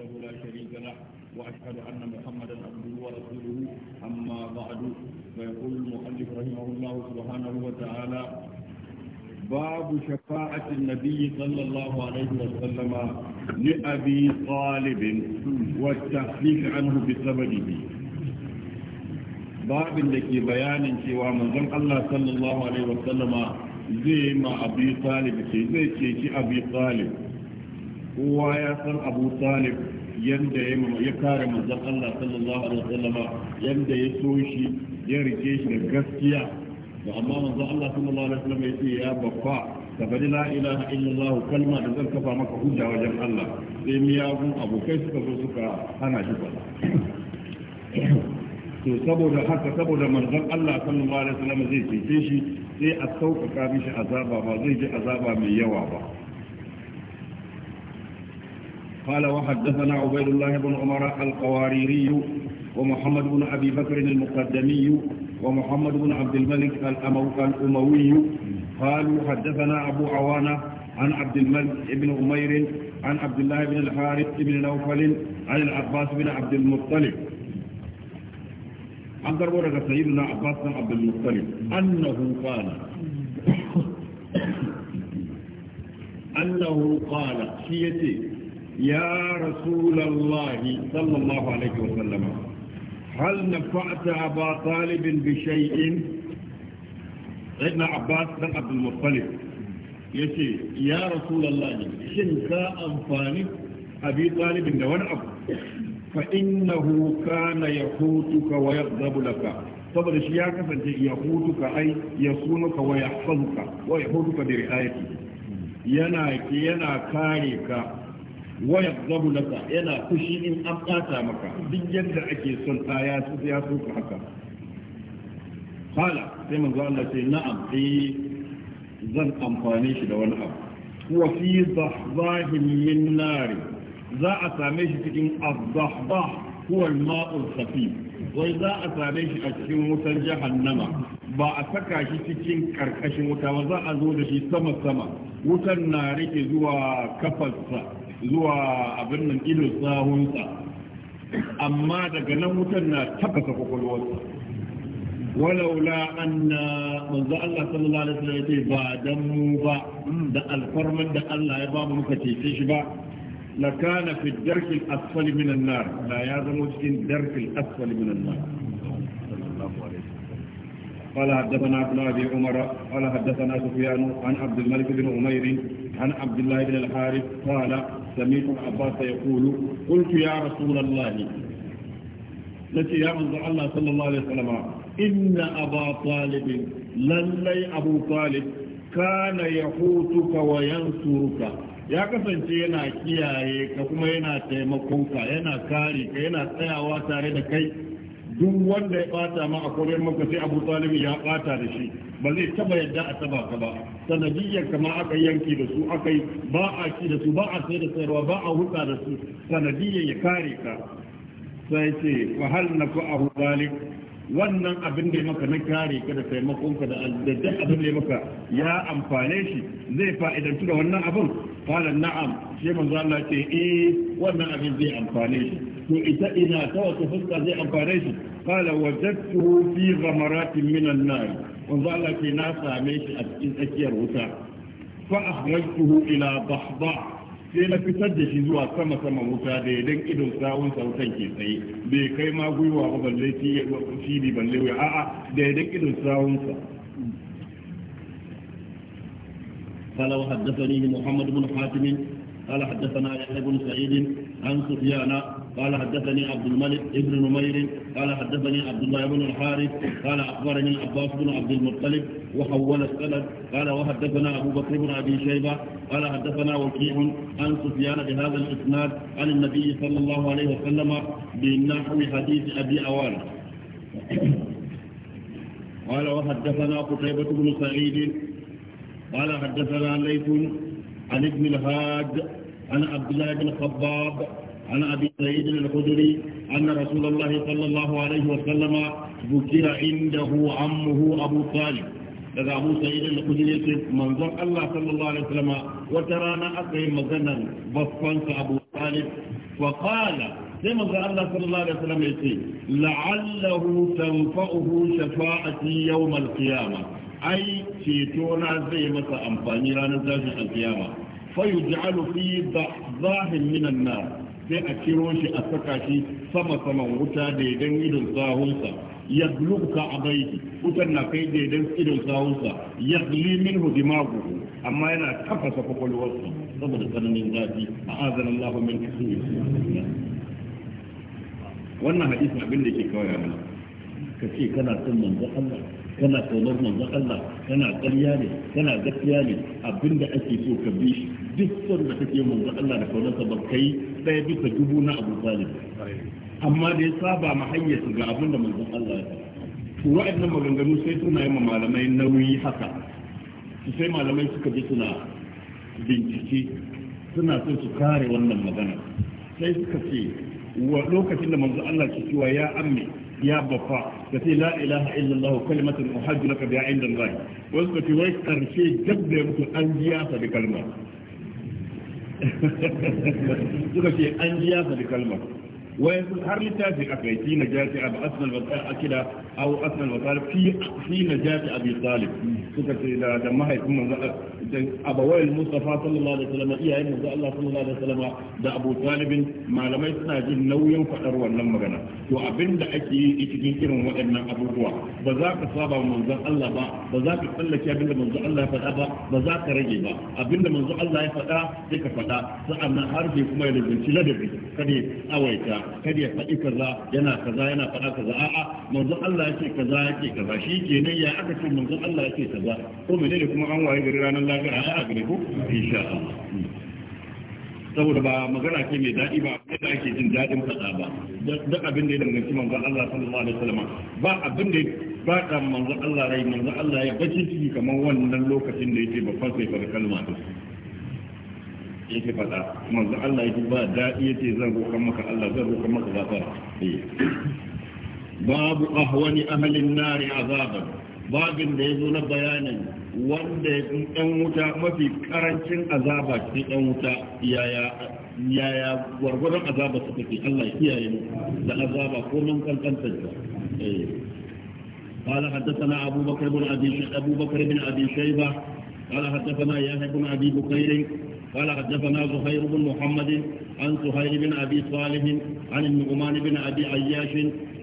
وحده لا شريك له وأشهد أن محمدا عبده ورسوله أما بعد فيقول المؤلف رحمه الله سبحانه وتعالى باب شفاعة النبي صلى الله عليه وسلم لأبي طالب والتخفيف عنه بسببه باب لكي بيان سوى من الله صلى الله عليه وسلم زي ما أبي طالب زي شيء أبي طالب kowa ya san abu talib yadda ya kare manzon Allah sallallahu alaihi wasallam yadda ya so shi ya rike shi da gaskiya da amma manzon Allah sallallahu alaihi wasallam ya ce ya babba ka bari la ilaha illallah kalma da zan kafa maka hujja wajen Allah sai miyagun abokai suka zo suka hana shi faɗa to saboda haka saboda manzon Allah sallallahu alaihi wasallam zai cece shi sai a sauƙaƙa mishi azaba ba zai ji azaba mai yawa ba قال وحدثنا عبيد الله بن عمر القواريري ومحمد بن أبي بكر المقدمي ومحمد بن عبد الملك الأموي قالوا حدثنا أبو عوانة عن عبد الملك بن عمير عن عبد الله بن الحارث بن نوفل عن العباس بن عبد المطلب عن ضرورة سيدنا عباس بن عبد المطلب أنه قال أنه قال سيتي ya rasulallahi sallallahu alaihi wasallama hal na fa'ata ba talibin bi shay'in ibn abbas dan abdul muttalib yace ya rasulallahi shin ka amfani abi talibin da wani abu fa innahu kana yahutuka wa yadhabu laka saboda shi ya kasance yahutuka ai yasunuka wa yahfazuka wa yahutuka bi ri'ayati yana kare ka waya zabu laka yana fushi in an ɓata maka duk yadda ake son ta ya su ya su ka haka kala sai manzo Allah ce na'am eh zan amfani shi da wani abu wa fi dhahbahin min nari za a same shi cikin abdahbah huwa al-ma'ul safi wai za a same shi a cikin wutar jahannama ba a saka shi cikin karkashin wuta ba za a zo da shi sama sama Wutar na rike zuwa kafarsa zuwa abin nan ido sahunsa amma daga nan wutan na tafasa kwakwalwarsa walaula na manzo Allah sallallahu alaihi wasallam yace ba dan mu ba da alfarman da Allah ya ba mu muka cece shi ba la kana fi darki al min an-nar la ya zama cikin darki al-asfal min an-nar قال حدثنا ابن ابي عمر قال حدثنا سفيان عن عبد الملك بن عمير عن عبد الله بن الحارث قال سمعت العباس يقول قلت يا رسول الله نتي يا من الله صلى الله عليه وسلم إن أبا طالب للي أبو طالب كان يحوتك وينصرك ya kasance yana kiyaye ka kuma yana taimakonka yana kare ka yana tsayawa tare da kai duk wanda ya bata ma a koyar maka sai Abu Talib ya bata da shi ba zai taba yadda a taba ka ba sanadiyyar kama aka yanki da su aka yi ba a ci da su ba a sai da sayarwa ba a hutsa da su sanadiyyar ya kare ka sai ce fa hal nafa Abu Talib wannan abin da ya maka na kare ka da taimakon ka da duk abin da ya maka ya amfane shi zai fa'idantu da wannan abin kala na'am shi manzo Allah ce eh wannan abin zai amfane shi فإتأنا توت فسكة زي أمباريس قال وجدته في غمرات من النار وظل في ناسا ميش أكير غتا فأخرجته إلى ضحضاء سينا في في شزوا سما سما غتا دي دين إدو ساون ساوتين كي سي بي كيما غيوا غبال ليتي وشيدي بان ليوي آآ دي دين إدو ساون سا قال وحدثني محمد بن حاتم قال حدثنا يحيى بن سعيد عن سفيان قال حدثني عبد الملك ابن نمير قال حدثني عبد الله بن الحارث قال أخبرني عباس بن عبد المطلب وحول السند قال وحدثنا أبو بكر بن أبي شيبة قال حدثنا وكيع عن سفيان بهذا الإسناد عن النبي صلى الله عليه وسلم بنحو حديث أبي أوان قال وحدثنا قتيبة بن سعيد قال حدثنا ليث عن ابن الهاد عن عبد الله بن خباب عن أبي سعيد الخدري أن رسول الله صلى الله عليه وسلم ذكر عنده عمه أبو طالب daga Abu Sa'id al-Khudri yace manzon Allah sallallahu alaihi wasallam wata rana aka yi maganar baffansa Abu Talib wa qala sai manzon Allah sallallahu alaihi wasallam yace la'allahu tanfa'uhu shafa'ati yawm al-qiyamah ai ceto na zai masa amfani ranar zafin al-qiyama fa yuj'alu fi dhahin min an-nar sai a ciro shi a saka shi sama saman wuta daidan idon sahunsa ya ka a baiki wutan na kai daidan idon sahunsa ya min magu amma yana tafasa kwakwalwarsa saboda tsananin zafi a azanin lahu cikin kisuri wannan hadisin abin da ke kawai mana ka ce kana son manzo Allah kana kaunar manzon Allah kana ƙarya ne kana gaskiya ne abinda ake so ka bi shi duk sanda kake manzon Allah da kaunarsa ban kai ɗaya bisa dubu na Abu Talib amma da ya saba ma hanyar ga abinda manzon Allah ya to wa'annan maganganu sai suna yi malamai nauyi haka su sai malamai suka ji suna bincike suna so su kare wannan magana sai suka ce lokacin da manzo Allah ke cewa ya amme ya baffa ka ce la ilaha illallah kalimatun uhajju laka biha inda Allah wasu ka ce wai karshe dab da mutu an biya sa da kalma suka ce an biya sa da kalma wayansu har littafi aka yi fi a abu asnal wasal akida au asnal wasal fi fi najati abi suka ce da da mahaifin manzo mustafa sallallahu alaihi wasallam iyayen manzo Allah sallallahu alaihi wasallam da abu talibin malamai suna jin nauyin fadar wannan magana to abinda ake cikin irin waɗannan abubuwa ba za ka saba manzo Allah ba ba za ka tsallake abinda manzo Allah ya faɗa ba ba za ka rage ba abinda manzo Allah ya faɗa sai ka faɗa sa'annan har kuma ya lalace ladabi kada ya kar ya faɗi kaza yana kaza yana faɗa kaza a'a manzon Allah ya ce kaza ya ce kaza shi kenan ya aka ce manzon Allah ya ce kaza ko ne kuma an waye gari ranar lafiya a gare ku insha Allah saboda ba magana ke mai daɗi ba abin da ake jin daɗin faɗa ba duk abin da ya danganci manzon Allah sallallahu alaihi wasallam ba abin da ba da manzon Allah rai manzon Allah ya bace ciki kamar wannan lokacin da yake babban sai kalma ta yake fada manzo Allah yake ba daɗi zan roƙon maka Allah zan roƙon maka eh. babu ahwani ahlin nari azaban babin da zo na bayanin wanda ya dan wuta mafi karancin azaba cikin dan wuta yaya yaya gwargwaron azaba su take Allah ya kiyaye mu da azaba ko mun kankantar ta قال حدثنا أبو بكر بن أبي أبو بكر بن أبي شيبة قال حدثنا يحيى بن أبي بكير قال حدثنا زهير بن محمد عن سهيل بن أبي صالح عن النعمان بن أبي عياش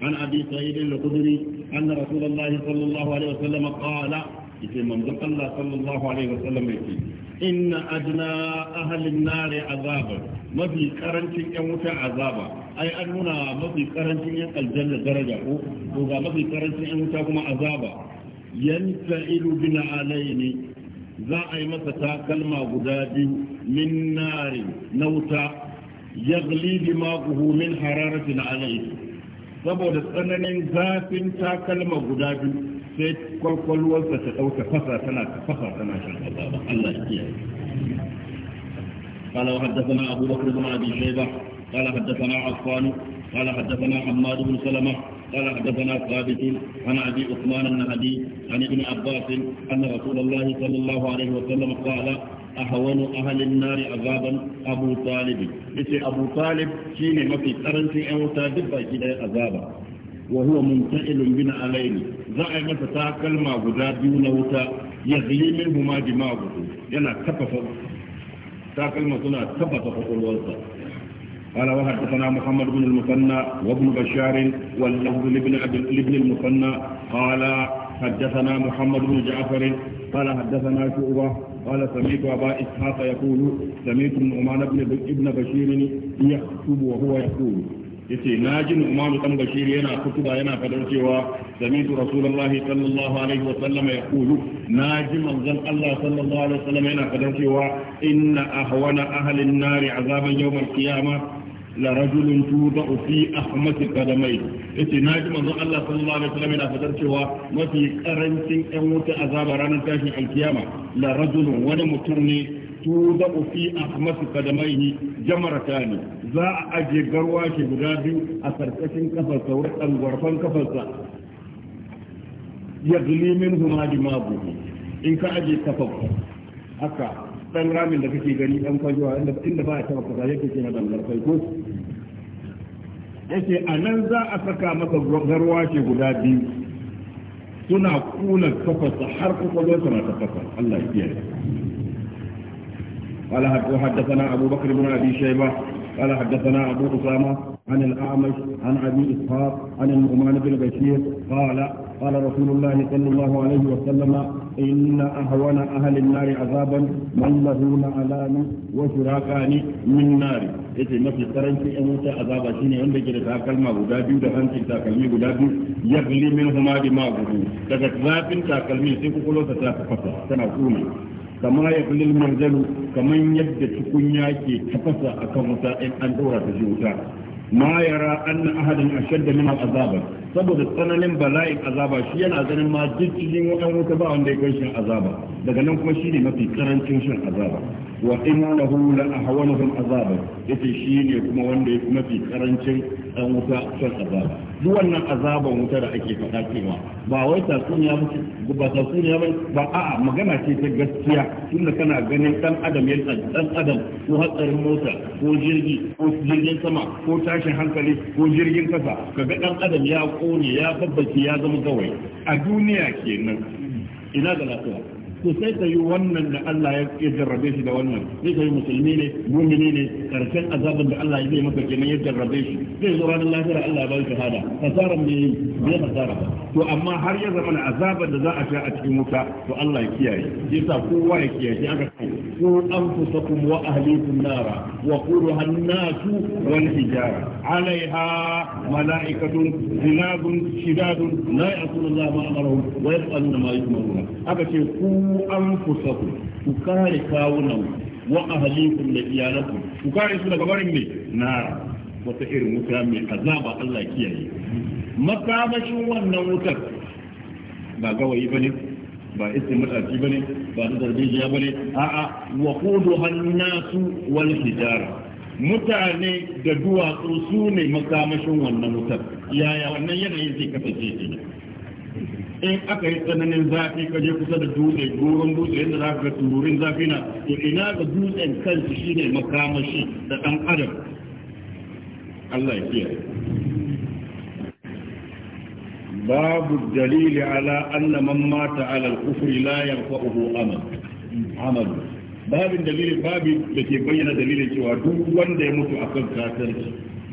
عن أبي سعيد الخدري أن رسول الله صلى الله عليه وسلم قال في منظر الله صلى الله عليه وسلم يقول إن أدنى أهل النار عذابا ما في كرنتين يموت عذابا أي أننا ما في كرنتين ينقل الجنة درجة وما في كرنتين يموت عذابا ينفعل بنا عليني za a yi masa takalma guda biyu min nari na wuta yagli dimaguhu min na alayhi saboda tsananin zafin takalma guda biyu sai kwakwalwarsa ta ɗauka fasa tana fasa tana shan azaba Allah ya kiyaye قال وحدثنا أبو بكر بن أبي شيبة قال حدثنا عفان قال حدثنا حماد بن سلمة قال حدثنا ثابت عن ابي عثمان النهدي عن ابن عباس ان رسول الله صلى الله عليه وسلم قال أهون أهل النار عذابا أبو طالب إذا أبو طالب شيني ما في قرنتي أو تادبا كده عذابا وهو منتقل بنا علينا زعي ما تتاكل ما غدا دون وتا يغلي منهما دماغه ينا كفف تاكل ما تنا كفف فقل وزا قال وحدثنا محمد بن المثنى وابن بشار واللفظ لابن لابن المثنى قال حدثنا محمد بن جعفر قال حدثنا شعبة قال سمعت أبا إسحاق يقول سمعت النعمان بن ابن بشير يخطب وهو يقول yace na ji Umar dan Bashir yana kutuba yana fadar cewa samitu Rasulullahi sallallahu alaihi wa sallam ya kulu na ji manzon Allah sallallahu alaihi wa sallam yana fadar cewa inna ahwana ahli an-nar azaban yawm al-qiyamah la rajulun tuba fi ahmati na ji manzon Allah sallallahu alaihi wasallam yana fadar cewa mafi karancin yan wuta azaba ranar tashin alkiyama la wani mutum ne tuba fi ne qadamai ne za a ajiye garwa guda biyu a karkashin kafar sauran ɗangwarfan kafarsa ya min in ka aje kafarsa haka dan ramin da kake gani dan fajuwa inda inda ba ya taba kaza yake kina dan garfai ko yake anan za a saka maka garwa ce guda biyu suna kula kafasa har kwakwalwarsa ta tafasa Allah ya kiyaye قال حدثنا أبو بكر بن أبي شيبة قال حدثنا أبو أسامة عن الأعمش عن أبي إسحاق عن النعمان بن بشير قال قال رسول الله صلى الله عليه وسلم إن أهون أهل النار عذابا من له نعلان وشراكان من نار yace mafi karanci yan wuta azaba shine wanda ke da takalma guda biyu da hancin takalmi guda biyu ya gli min huma di ma gudu daga zafin takalmi sai kokolo ta ta fasa tana kuma kama ya gli marjalu kaman yadda tukunya ke tafasa akan wuta in an daura ta wuta ma yara anna ahadan ashadda min azaban saboda tsananin bala'in azaba shi yana ganin ma jijjigin wadan wuta ba wanda ya kai shin azaba daga nan kuma shine mafi karancin shin azaba wa innahu la ahwanuhum azaba yace ne kuma wanda ya mafi karancin dan wuta shin azaba duk wannan azaban wuta da ake faɗa cewa ba wai tatsuniya ba ba tatsuniya ba ba a'a magana ce ta gaskiya tunda kana ganin dan adam ya dan adam ko hatsarin mota ko jirgi ko jirgin sama ko tashin hankali ko jirgin kasa kaga dan adam ya ya tabbaci ya zama kawai a duniya kenan ina da lafiya to sai ka yi wannan da Allah ya jarrabe shi da wannan sai ka yi musulmi ne mumini ne karshen azabin da Allah ya zai maka kenan ya jarrabe shi zai zo ranar lafiya Allah ya bai shahada kasaran ne bai kasara to amma har ya zama na azaban da za a sha a cikin wuta to Allah ya kiyaye yasa kowa ya kiyaye aka ce ku anfusakum wa ahlikum nara wa qudha an-nas wal hijara alaiha mala'ikatun zinabun shidadun la ya'tuna Allah ma amarahum wa yaqulu ma yu'maruna aka ce ku anfusakum ku kare kawunan wa ahlikum da iyalakum ku kare su daga barin ne na wata irin wuta mai azaba Allah kiyaye makamashin wannan wutar ba gawayi bane ba isin mutaci bane ba da darbejiya bane a'a wa qudu hannasu wal hijara mutane da duwatsu su ne makamashin wannan wutar yaya wannan yanayin zai kasance ne in aka yi tsananin zafi ka je kusa da dutse goron dutse yadda za ka tururin zafi na to ina ga dutsen kansu shine makamashi da ɗan adam Allah ya kiyaye babu dalili ala anna man mata ala al-kufri la yanfa'uhu amal amal babin dalili babi da ke bayyana dalilin cewa duk wanda ya mutu akan kafirci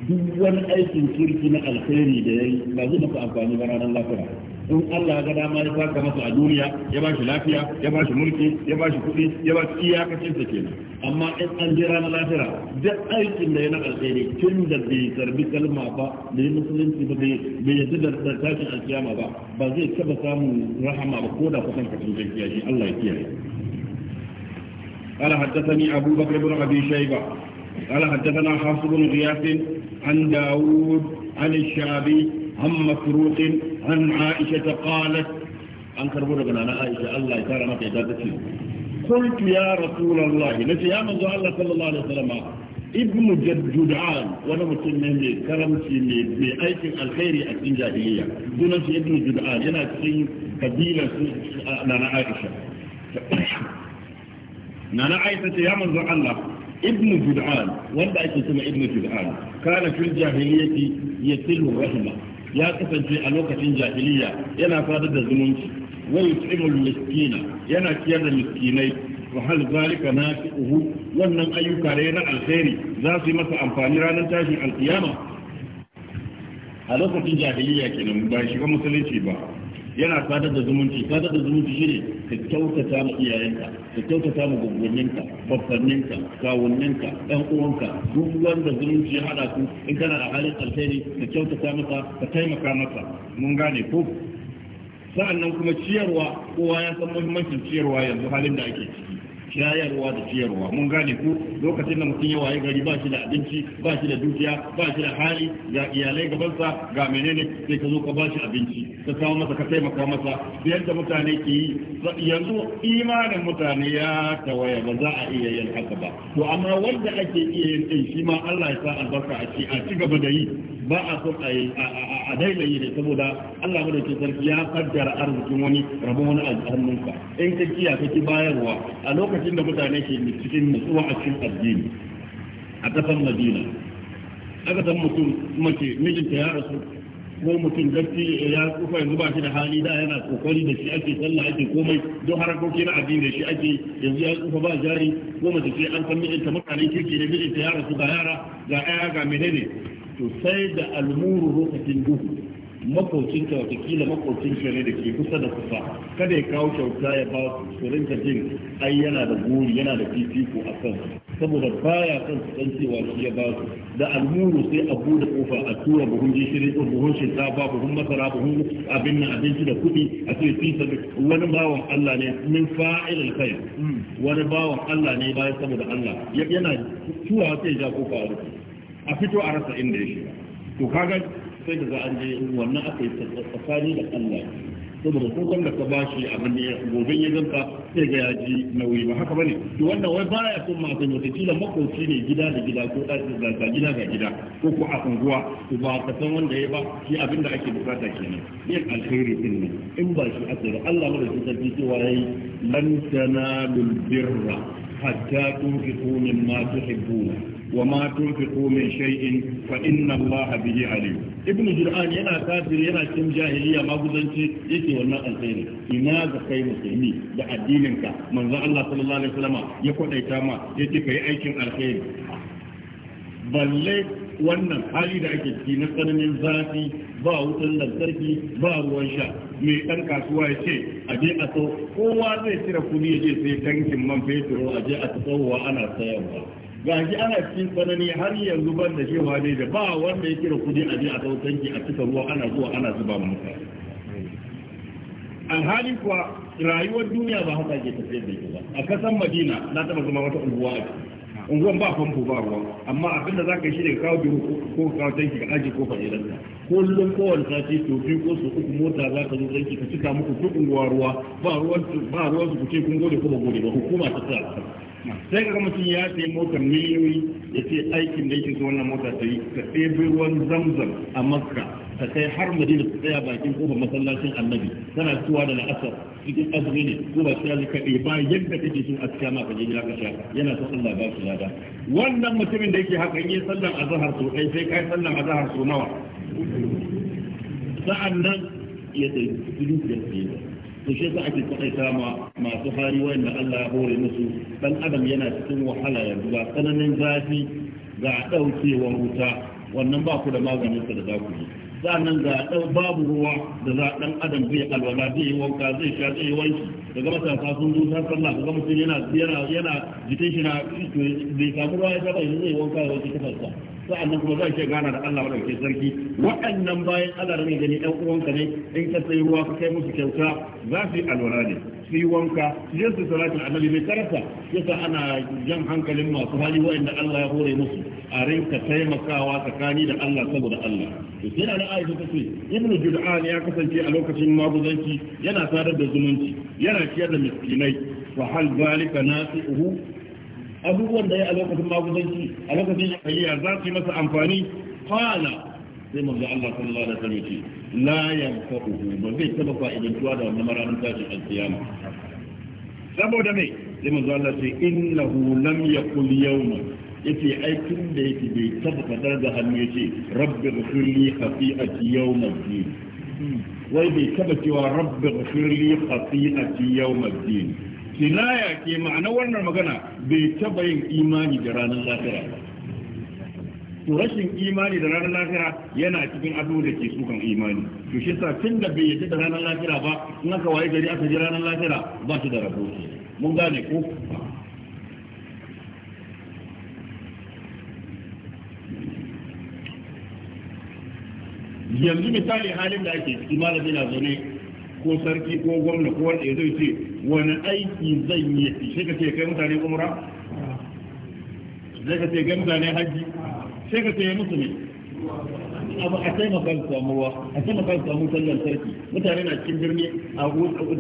duk wani aikin kirki na alkhairi da yayi ba zai maka amfani ba ranar lafiya in Allah ga dama ya saka masa a duniya ya ba shi lafiya ya ba shi mulki ya ba shi kuɗi ya ba shi iyakacin sa kenan amma in an jira na lafira duk aikin da ya na alkhairi tun da bai karbi kalma ba da ya musulunci ba bai yadda da tashin alkiyama ba ba zai taba samun rahama ba ko da kusan kacin gaskiya shi Allah ya kiyaye قال حدثني أبو بكر بن أبي شيبة قال حدثنا حفص بن غياث عن داود عن الشعبي عن مسروق عن عائشة قالت أنكر بودك أنا عائشة الله يكرمك إذا تسلم قلت يا رسول الله نتي يا من الله صلى الله عليه وسلم ابن جدعان وانا مسلم من كرمتي من ايك الخير اكين جاهليه دون ابن جدعان انا cikin قبيله انا عائشه نانا عائشه يا من الله ابن جدعان وانا ايك اسمه ابن جدعان كان في الجاهليه يتل الرحمه ya kasance a lokacin jahiliya yana sadar da zumunci wani tsimul miskina yana ciyar da miskinai wa hal zalika uhu wannan ayyuka ne na alheri za su yi masa amfani ranar tashin alkiyama a lokacin jahiliya kenan ba shi ba musulunci ba yana sadar da zumunci sadar da zumunci shine ka kyautata ma iyayenka ka kyautata ma gwaggwanninka babbanninka kawunninka ɗan uwanka duk wanda zumunci ya haɗa su in kana da halin alheri ka kyautata masa ka taimaka masa mun gane ko sa'annan kuma ciyarwa kowa ya san muhimmancin ciyarwa yanzu halin da ake ci shayarwa da ciyarwa mun gane ku lokacin da mutum ya waye gari ba shi da abinci ba shi da dukiya ba shi da hali ga iyalai gabansa ga menene sai ka zo ka ba shi abinci ka kawo masa ka taimaka masa yadda mutane ke yi yanzu imanin mutane ya tawaya ba za a iya yin haka ba to amma wanda ake iya yin din shi ma Allah ya sa albarka a ci a ci gaba da yi ba a son a daina yi ne saboda Allah mu da ke sarki ya kaddara arzikin wani rabon wani al'annunka in ka kiya kake bayarwa a lokacin da mutane ke cikin nutsuwa a cikin addini a kasar Madina aka san mutum mace mijinta ya rasu ko mutum gaske ya kufa yanzu ba shi da hali da yana kokari da shi ake sallah ake komai don harakoki na addini da shi ake yanzu ya kufa ba jari ko mace ce an san mijinta mutane kirki ne mijinta ya rasu ga yara ga ƴaƴa ga menene to sai da almuru lokacin duhu makocin ka watakila makocin ka ne da ke kusa da kusa kada ya kawo kyauta ya ba su su rinka jin ai yana da guri yana da fifiko a kan saboda baya kan su san cewa shi ya ba su da almuru sai a bude kofa a tura buhun gishiri ko buhun shinkafa buhun masara buhun abin nan abinci da kuɗi a ce fi wani bawan Allah ne min fa'il alkhair hmm. wani bawan Allah ne bayan saboda Allah yana tura sai ja kofa a rufe a fito a rasa inda ya shiga to kaga sai da za a je wannan aka yi tsakani da Allah saboda ko kan da ka shi abin da gobe ya zanta sai ga yaji nauyi ba haka bane to wannan wai baya son ma sai wata kila makoci ne gida da gida ko ɗaki da ga gida ga gida ko ko a unguwa to ba ka san wanda ya ba shi abin da ake bukata kenan yin alheri din ne in ba shi aka da Allah mara shi sarki cewa yayi lan tanalul birra hatta tunfiqu mimma tuhibbuna وما تنفقوا من شيء فإن الله به عليم ابن جرآن ينا كافر ينا كم جاهلية ما بزنتي يكي والماء الخير إنا زكي مسلمي دع دينك من ذا الله صلى الله عليه وسلم يكون ايتاما يكي في ايكم الخير balle wannan hali da ake ciki na tsananin zafi ba wutan lantarki ba ruwan sha mai ɗan kasuwa ya ce a je a sau kowa zai cire kuɗi ya je sai tankin man fetur a je a tsawowa ana sayarwa gashi ana cikin tsanani har yanzu ban da cewa ne da ba wanda ya kira kudi a je a dau tanki a cika ruwa ana zuwa ana zuba mu mutane alhali kuwa rayuwar duniya ba haka ke tafiyar da ita ba a kasan madina na taba zama wata unguwa a unguwan ba famfo ba ruwa amma abinda za ka yi shi daga kawo biro ko kawo tanki ka aji ko fa'idan ka kullum kowane sati to biyu ko su uku mota za ka zo tanki ka cika muku duk unguwa ruwa ba ruwan ba ruwan su ku ce kun gode ko ba gode ba hukuma ta tsaya sai ga mutum ya sayi motar miliyoyi ya ce aikin da yake so wannan mota ta yi ka ɗebe ruwan zamzam a makka ta kai har madina ta tsaya bakin kofar masallacin annabi tana suwa da la'asar cikin azumi ne ko ba sai kaɗe ba yadda kake so a cikin maka jini ka sha yana son Allah ba shi lada wannan mutumin da yake haka in yi sallan azhar so kai sai kai sallan azhar so nawa nan ya tsaye cikin gaskiya to shi za ake kwaɗaita ma masu wayan wanda Allah ya hore musu dan adam yana cikin wahala yanzu ga tsananin zafi ga ɗaukewar wuta wannan ba ku da maganin sa da za ku yi sannan ga ɗau babu ruwa da za ɗan adam zai alwala zai wanka zai sha zai wanki daga matasa sun zo ta sallah daga mutum yana yana yana jikin shi na bai samu ruwa ya saba zai wanka ya wanki kafarsa sa'annan kuma za iya gana da Allah ke sarki waɗannan bayan Allah ne gani ɗan uwanka ne in ka sai ruwa ka kai musu kyauta za su yi alwala ne su yi wanka su je su salatin annabi mai karanta yasa ana jan hankalin masu hali waɗanda Allah ya hore musu a rinka taimakawa tsakani da Allah saboda Allah to sai da Aisha ta ce Ibn Jud'an ya kasance a lokacin maguzanci yana sadar da zumunci yana ciyar da miskinai wa hal zalika nasi'uhu abubuwan da ya a lokacin magudanci a lokacin jahiliya za su yi masa amfani qala sai manzo Allah sallallahu alaihi wasallam ce la yanfa'uhu ba zai taba fa'idantuwa da wannan ranar tashin alkiyama saboda me sai manzo Allah ce innahu lam yaqul yawma yace aikin da yake bai taba fadar da hannu yace rabbi ghfirli khati'ati yawma din wai bai taba cewa rabbi ghfirli khati'ati yawma din kinaya ke ma'ana wannan magana bai taba yin imani da ranar lafiya to rashin imani da ranar lafiya yana cikin abu da ke sukan imani to shi sa tun da bai yi da ranar lafiya ba in aka waye gari aka ji ranar lafiya ba shi da rabo mun gane ko yanzu misali halin da ake ciki malami na zaune ko sarki ko gwamna ko wanda ya zai ce wani aiki zan yi sai ka ce kai mutane umra sai ka ce kai mutane hajji sai ka ce ya musu ne abu a sai su samu ruwa a taimaka su samu sallan sarki mutane na cikin birni a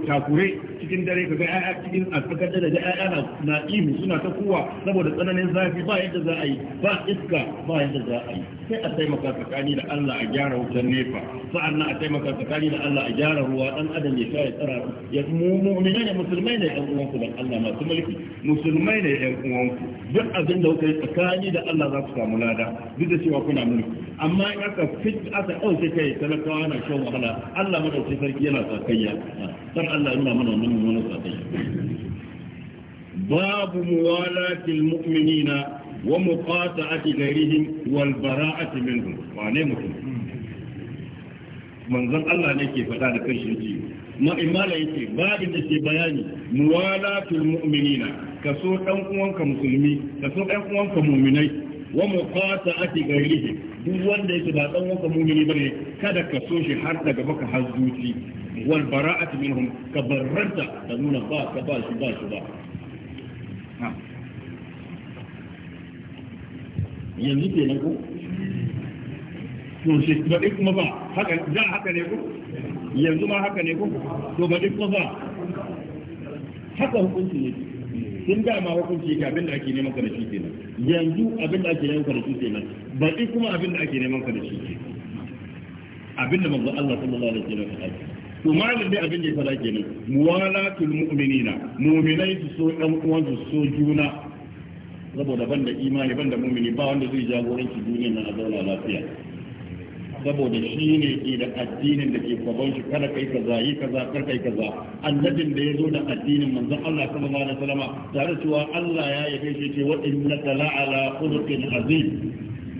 takure cikin dare ka ga ƴaƴa cikin a tsakar da ga ƴaƴa na na ihu suna ta kowa saboda tsananin zafi ba yadda za a yi ba iska ba yadda za a yi sai a taimaka tsakani da Allah a gyara wutan nefa sa'annan a taimaka tsakani da Allah a gyara ruwa dan adam ya sha ya tsara ya mu'mina ne musulmai ne ɗan uwanku dan Allah masu mulki musulmai ne ɗan uwanku duk abin da kuka yi tsakani da Allah za ku samu lada duk da cewa kuna mulki amma in aka fit aka ɗauke kai talakawa na shan wahala Allah madauki sarki yana sakayya san Allah yana mana wannan mummunan sakayya babu muwalatil mu'minina wa muqata'ati ghairihim wal bara'ati minhum wane mutum manzon Allah ne ke faɗa da kanshi yake ma imala yake babin da ke bayani muwalatul mu'minina kaso dan uwanka musulmi kaso dan uwanka mu'minai wa muqata'ati ghairihim duk wanda yake ba dan uwanka mu'mini bane kada ka so shi har daga baka har zuci wal bara'ati minhum ka barranta da nuna ba ka ba shi ba shi ba yanzu ke na ku to shi baɗi kuma ba haka a haka ne ku yanzu ma haka ne ku to baɗi kuma ba haka hukunci ne sun dama hukunci ga abin da ake neman ka da shi nan yanzu abin da ake neman ka da shi ba baɗi kuma abin da ake neman ka da shi ke abin da manzo Allah sallallahu alaihi wasallam ya faɗa to malam dai abin da ya fara kenan muwalatul mu'minina mu'minai su so ɗan uwan su so juna saboda da imani da mumini ba wanda zai jagoranci duniya na zauna lafiya saboda shi ne ke da addinin da ke kwaban shi kada kai kaza yi kaza kar kai kaza annabin da ya zo da addinin manzon Allah sallallahu alaihi wasallam tare cewa Allah ya yabe shi ce wa innaka la'ala khuluqin azim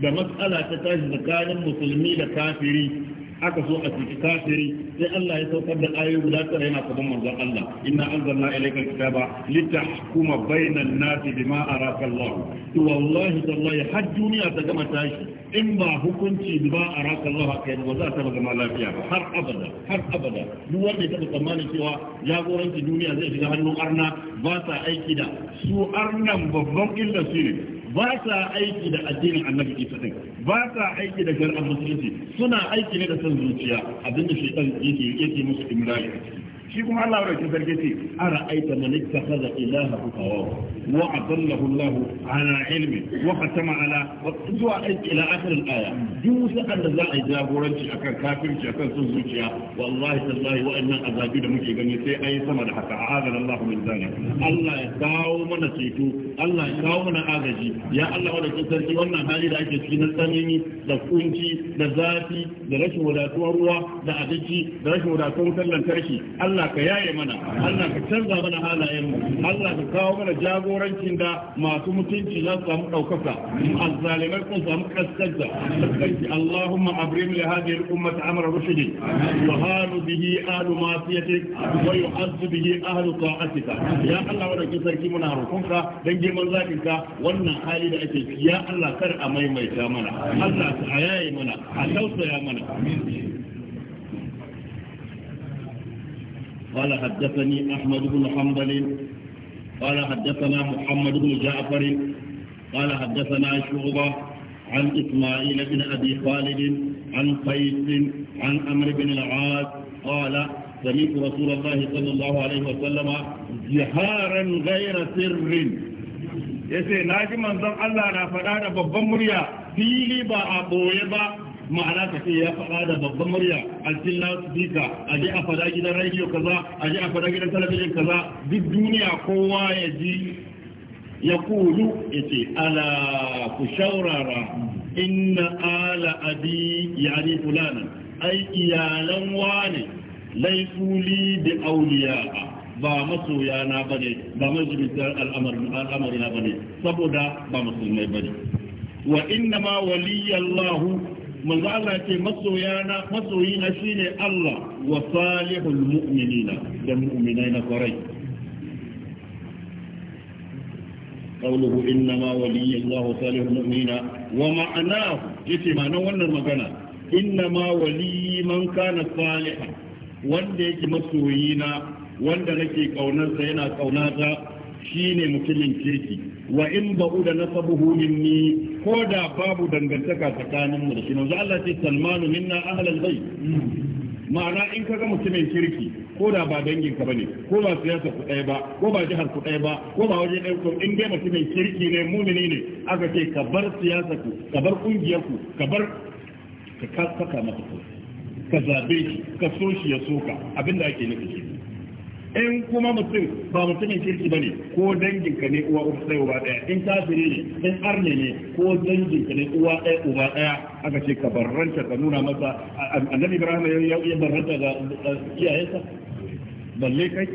da matsala ta tashi tsakanin musulmi da kafiri aka so a ciki kafiri sai Allah ya saukar da ayoyi guda tara yana kaban manzon Allah inna anzalna ilayka kitaba litahkuma bainan nasi bima araka Allah to wallahi tallahi har duniya ta gama tashi in ba hukunci ba araka Allah kai ba za ta zama lafiya ba har abada har abada duk wanda ya taba tsammanin cewa jagoranci duniya zai shiga hannun arna ba sa aiki da su arnan babban illa su ne ba sa aiki da addinin annabi isa din ba sa aiki da garin musulunci suna aiki ne da son zuciya abinda shaitan yake yake musu imrani a ciki shi kuma Allah madaukakin sarki ce ara aita man ittakhadha ilaha hawa wa adallahu Allah ala ilmi wa ala zuwa aiki ila akhirin aya duk wasu da za a yi jagoranci akan kafirci akan sun zuciya wallahi tallahi wa'annan azabi da muke gani sai ayi sama da haka a Allah min Allah ya kawo mana ceto Allah ya kawo mana agaji ya Allah madaukakin sarki wannan hali da ake cikin tsanani da kunci da zafi da rashin wadatuwar ruwa da abinci da rashin wadatuwar wutar lantarki Allah Allah ka yaye mana Allah ka canza mana halayen mu Allah ka kawo mana jagorancin da masu mutunci za su samu daukaka azzalimai kun samu kaskanta Allahumma abrim li hadhihi al-ummah amra rushdi wa halu bihi ahlu masiyatik wa yu'azz bihi ahlu ta'atika ya Allah wa rabbika sarki muna roƙonka dan girman zakin ka wannan hali da ake ya Allah kar a maimaita mana Allah ka yaye mana a tausaya mana قال حدثني أحمد بن حنبل قال حدثنا محمد بن جعفر قال حدثنا شعبة عن إسماعيل بن أبي خالد عن قيس عن أمر بن العاص قال سمعت رسول الله صلى الله عليه وسلم جهارا غير سر yace na ji manzon Allah na faɗa da babban murya fili ba a ɓoye ba ma'ana ka ce ya faɗa da babban murya a cikin lasbika a a faɗa gidan rediyo kaza a je a faɗa gidan talabijin kaza duk duniya kowa ya ji ya kulu ya ce ala ku shaurara inna ala abi yani fulana ai iyalan wane laifuli da auliya ba masoya na ne ba mazubitar al'amari na bane saboda ba musulmai bane wa inna ma waliyallahu manzo Allah ce masoya na masoyi na shine Allah wa salihul mu'minina da mu'minai na kwarai qawluhu inna ma waliya Allah salihul mu'minina wa ma'anahu yace ma'anar wannan magana inna ma waliy man kana salihan wanda yake masoyi na wanda nake kaunar sa yana kauna ta shine mutumin kirki wa in da nasabuhu minni ko da babu dangantaka tsakanin mu da shi manzo Allah ce salmanu minna ahlal bayt ma'ana in ka ga mutumin kirki ko da ba dangin ka bane ko ba siyasa ku ɗaya ba ko ba jihar ku ɗaya ba ko ba waje ɗaya ko in dai mutumin kirki ne mumini ne aka ce ka bar siyasa ku ka bar kungiyar ku ka bar ka saka masa ka zabe shi ka so shi ya soka abinda ake nufi in kuma mutum ba mutumin kirki bane ko danginka ne uwa uba ɗaya uba ɗaya in kafiri ne in arne ne ko danginka ne uwa ɗaya uba ɗaya aka ce ka barranta ka nuna masa annabi ibrahim ya ya barranta ga iyayensa balle kai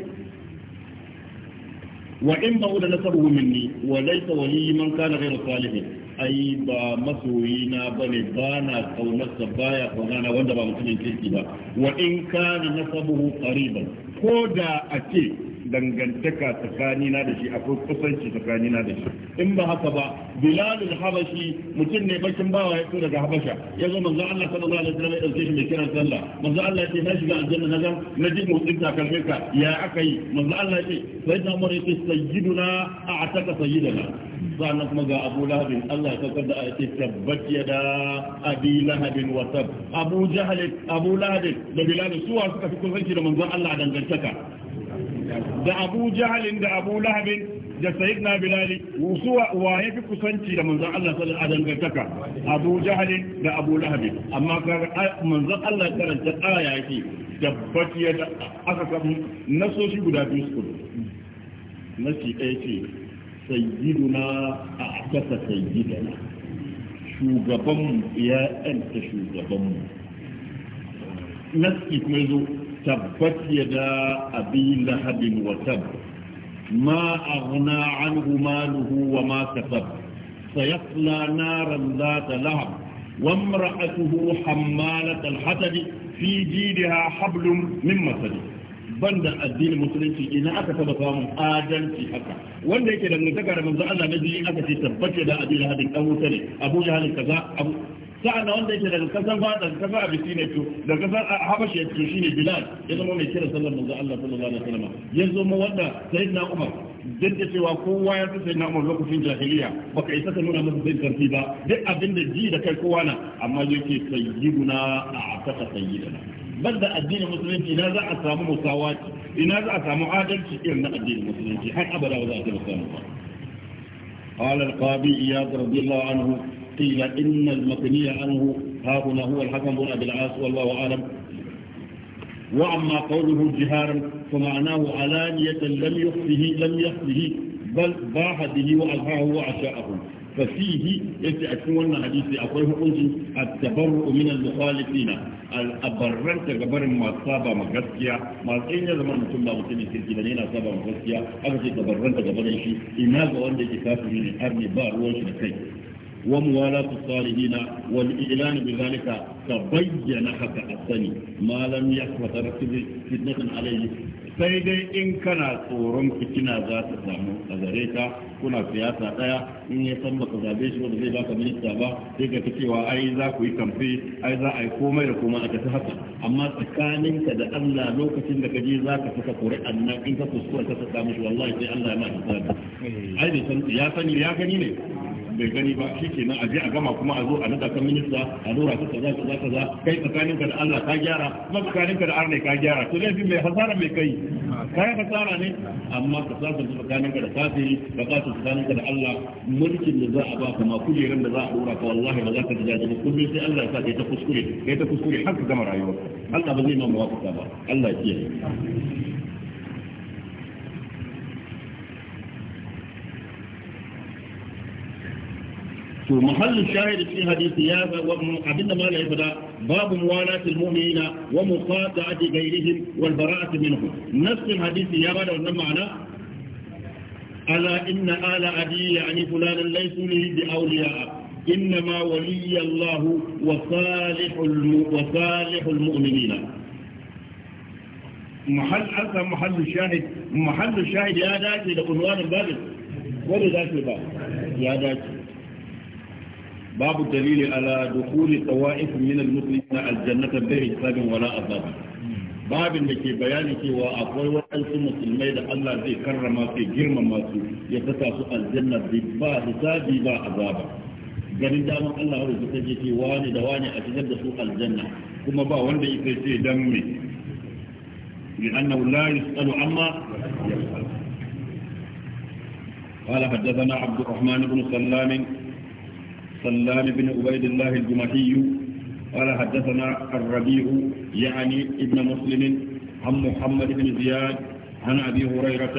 wa in ba'u da nasabu minni wa laysa wali man kana ghayra salihin ai ba masoyina ba ne ba na kaunarsa baya na wanda ba mutumin kirki ba wa in kana nasabuhu qariban ko da a dangantaka na da shi akwai kusanci na da shi in ba haka ba bilalul habashi mutum ne bakin bawa ya daga habasha ya zo manzo Allah sallallahu alaihi wasallam ya dauke shi mai kiran sallah manzo Allah ya ce na shiga aljanna na ga na ji motsin takalmin ka ya aka yi manzo Allah ya ce sai da mu rike sayyiduna a ataka sayyidana sannan kuma ga Abu Lahab Allah ya saukar da ayati tabbat yada Abi Lahab wa tab Abu Jahl Abu Lahab da Bilal suwa suka fi kusanci da manzo Allah dangantaka da abu jahalin da abu lahabin da sayidna bilali wusuwa wa ya fi kusanci da manzan Allah sallallahu a dangantaka abu jahalin da abu lahabin amma manzan Allah karanta aya yake tabbat ya da aka kamu nasoshi guda biyu su Na shi ɗaya ce sayyiduna a akasa sayyidana shugabanmu ya ɗanta shugabanmu nasi kuma ya zo tabbat yada abi lahabin wa tab ma aghna anhu maluhu wa ma kasab sayasla naran zata lahab wa imra'atuhu hammalat al-hatab fi jidha hablum min masad banda addinin musulunci ina aka taba samun adalci haka wanda yake dangantaka da manzo Allah na biyu aka ce tabbace da abin hadin dan wuta ne kaza sa'an na wanda yake daga kasar ba daga kasar abisi ne to daga kasar habashi ya to shine bilal ya zama mai kira sallar manzo Allah sallallahu alaihi wasallam ya zama wanda sayyidina umar duk da cewa kowa ya tsaye na umar lokacin jahiliya baka isa ka nuna masa zai karfi ba duk abin da ji da kai kowa na amma yake sayyiduna a kasa sayyiduna da addinin musulunci ina za a samu musawati ina za a samu adalci irin na addinin musulunci har abada ba za a samu ba قال القاضي إياد رضي الله عنه قيل إن المثني عنه ها هنا هو الحكم بن أبي العاص والله أعلم وأما قوله جهارا فمعناه علانية لم يخفه لم يخفه بل باح به وألهاه وعشاءه ففيه يتأكد أن حديثي أقوله قلت التبرؤ من المخالفين الأبرر تكبر ما صاب مغسيا ما سين يزمر مثل ما مثل الكركي بنين أصاب مغسيا أبسي تبرر تكبر شيء إناغ وأن يتكافر من الأرن بار وانش لكي وموالاة الصالحين والإعلان بذلك تبين حق الثاني ما لم يخفى ترتب فتنة عليه sai dai in kana tsoron fitina za ta samu a gare ka kuna siyasa daya in ya san baka zabe shi wanda zai baka minista ba sai ka ta cewa ai za ku yi kamfe ai za a yi komai da kuma a tafi haka amma tsakanin ka da Allah lokacin da ka je za ka saka Qur'an nan in ka kuskura ka saka mishi wallahi sai Allah ya ma hisabi ai da san ya sani ya gani ne bai gani ba shi nan a je a gama kuma a zo a naɗa kan minista a zo rasu kaza kaza kaza kai tsakaninka da Allah ka gyara kuma tsakaninka da Arne ka gyara to laifin mai hasara mai kai kai hasara ne amma ka sasa ka da kafiri ka sasa tsakaninka da Allah mulkin da za a ba ka ma kujeran da za a dora ka wallahi ba za ka jaje ba kullum sai Allah ya sa kai ta kuskure kai ta kuskure har ka gama rayuwa Allah ba zai ma mawafaka ba Allah ya kiyaye to mahallin shahidi cikin hadisi ya abinda mala ya fada babu muwalatil mu'minina wa muqata'ati ghayrihim wal bara'ati minhum nassin hadisi ya bada wannan ma'ana ala inna ala adi yani fulanan laysu li bi awliya إنما ولي الله وصالح وصالح المؤمنين محل أسا محل الشاهد محل الشاهد يا داكي لقنوان البابل ولذاك الباب يا داكي babu dalili ala dukuli tawa'if min al-muslimina al-jannata bi hisabin wala azab babin da ke bayani cewa akwai waɗansu musulmai da Allah zai karrama su girmama su ya saka su aljanna ba ba ganin daman Allah ya rubuta ce wani da wani a cikin da su aljanna kuma ba wanda yake ce dan me لأنه لا يسأل عما يفعل قال حدثنا Abdurrahman الرحمن بن سلام بن عبيد الله الجمحي قال حدثنا الربيع يعني ابن مسلم عن محمد بن زياد عن أبي هريرة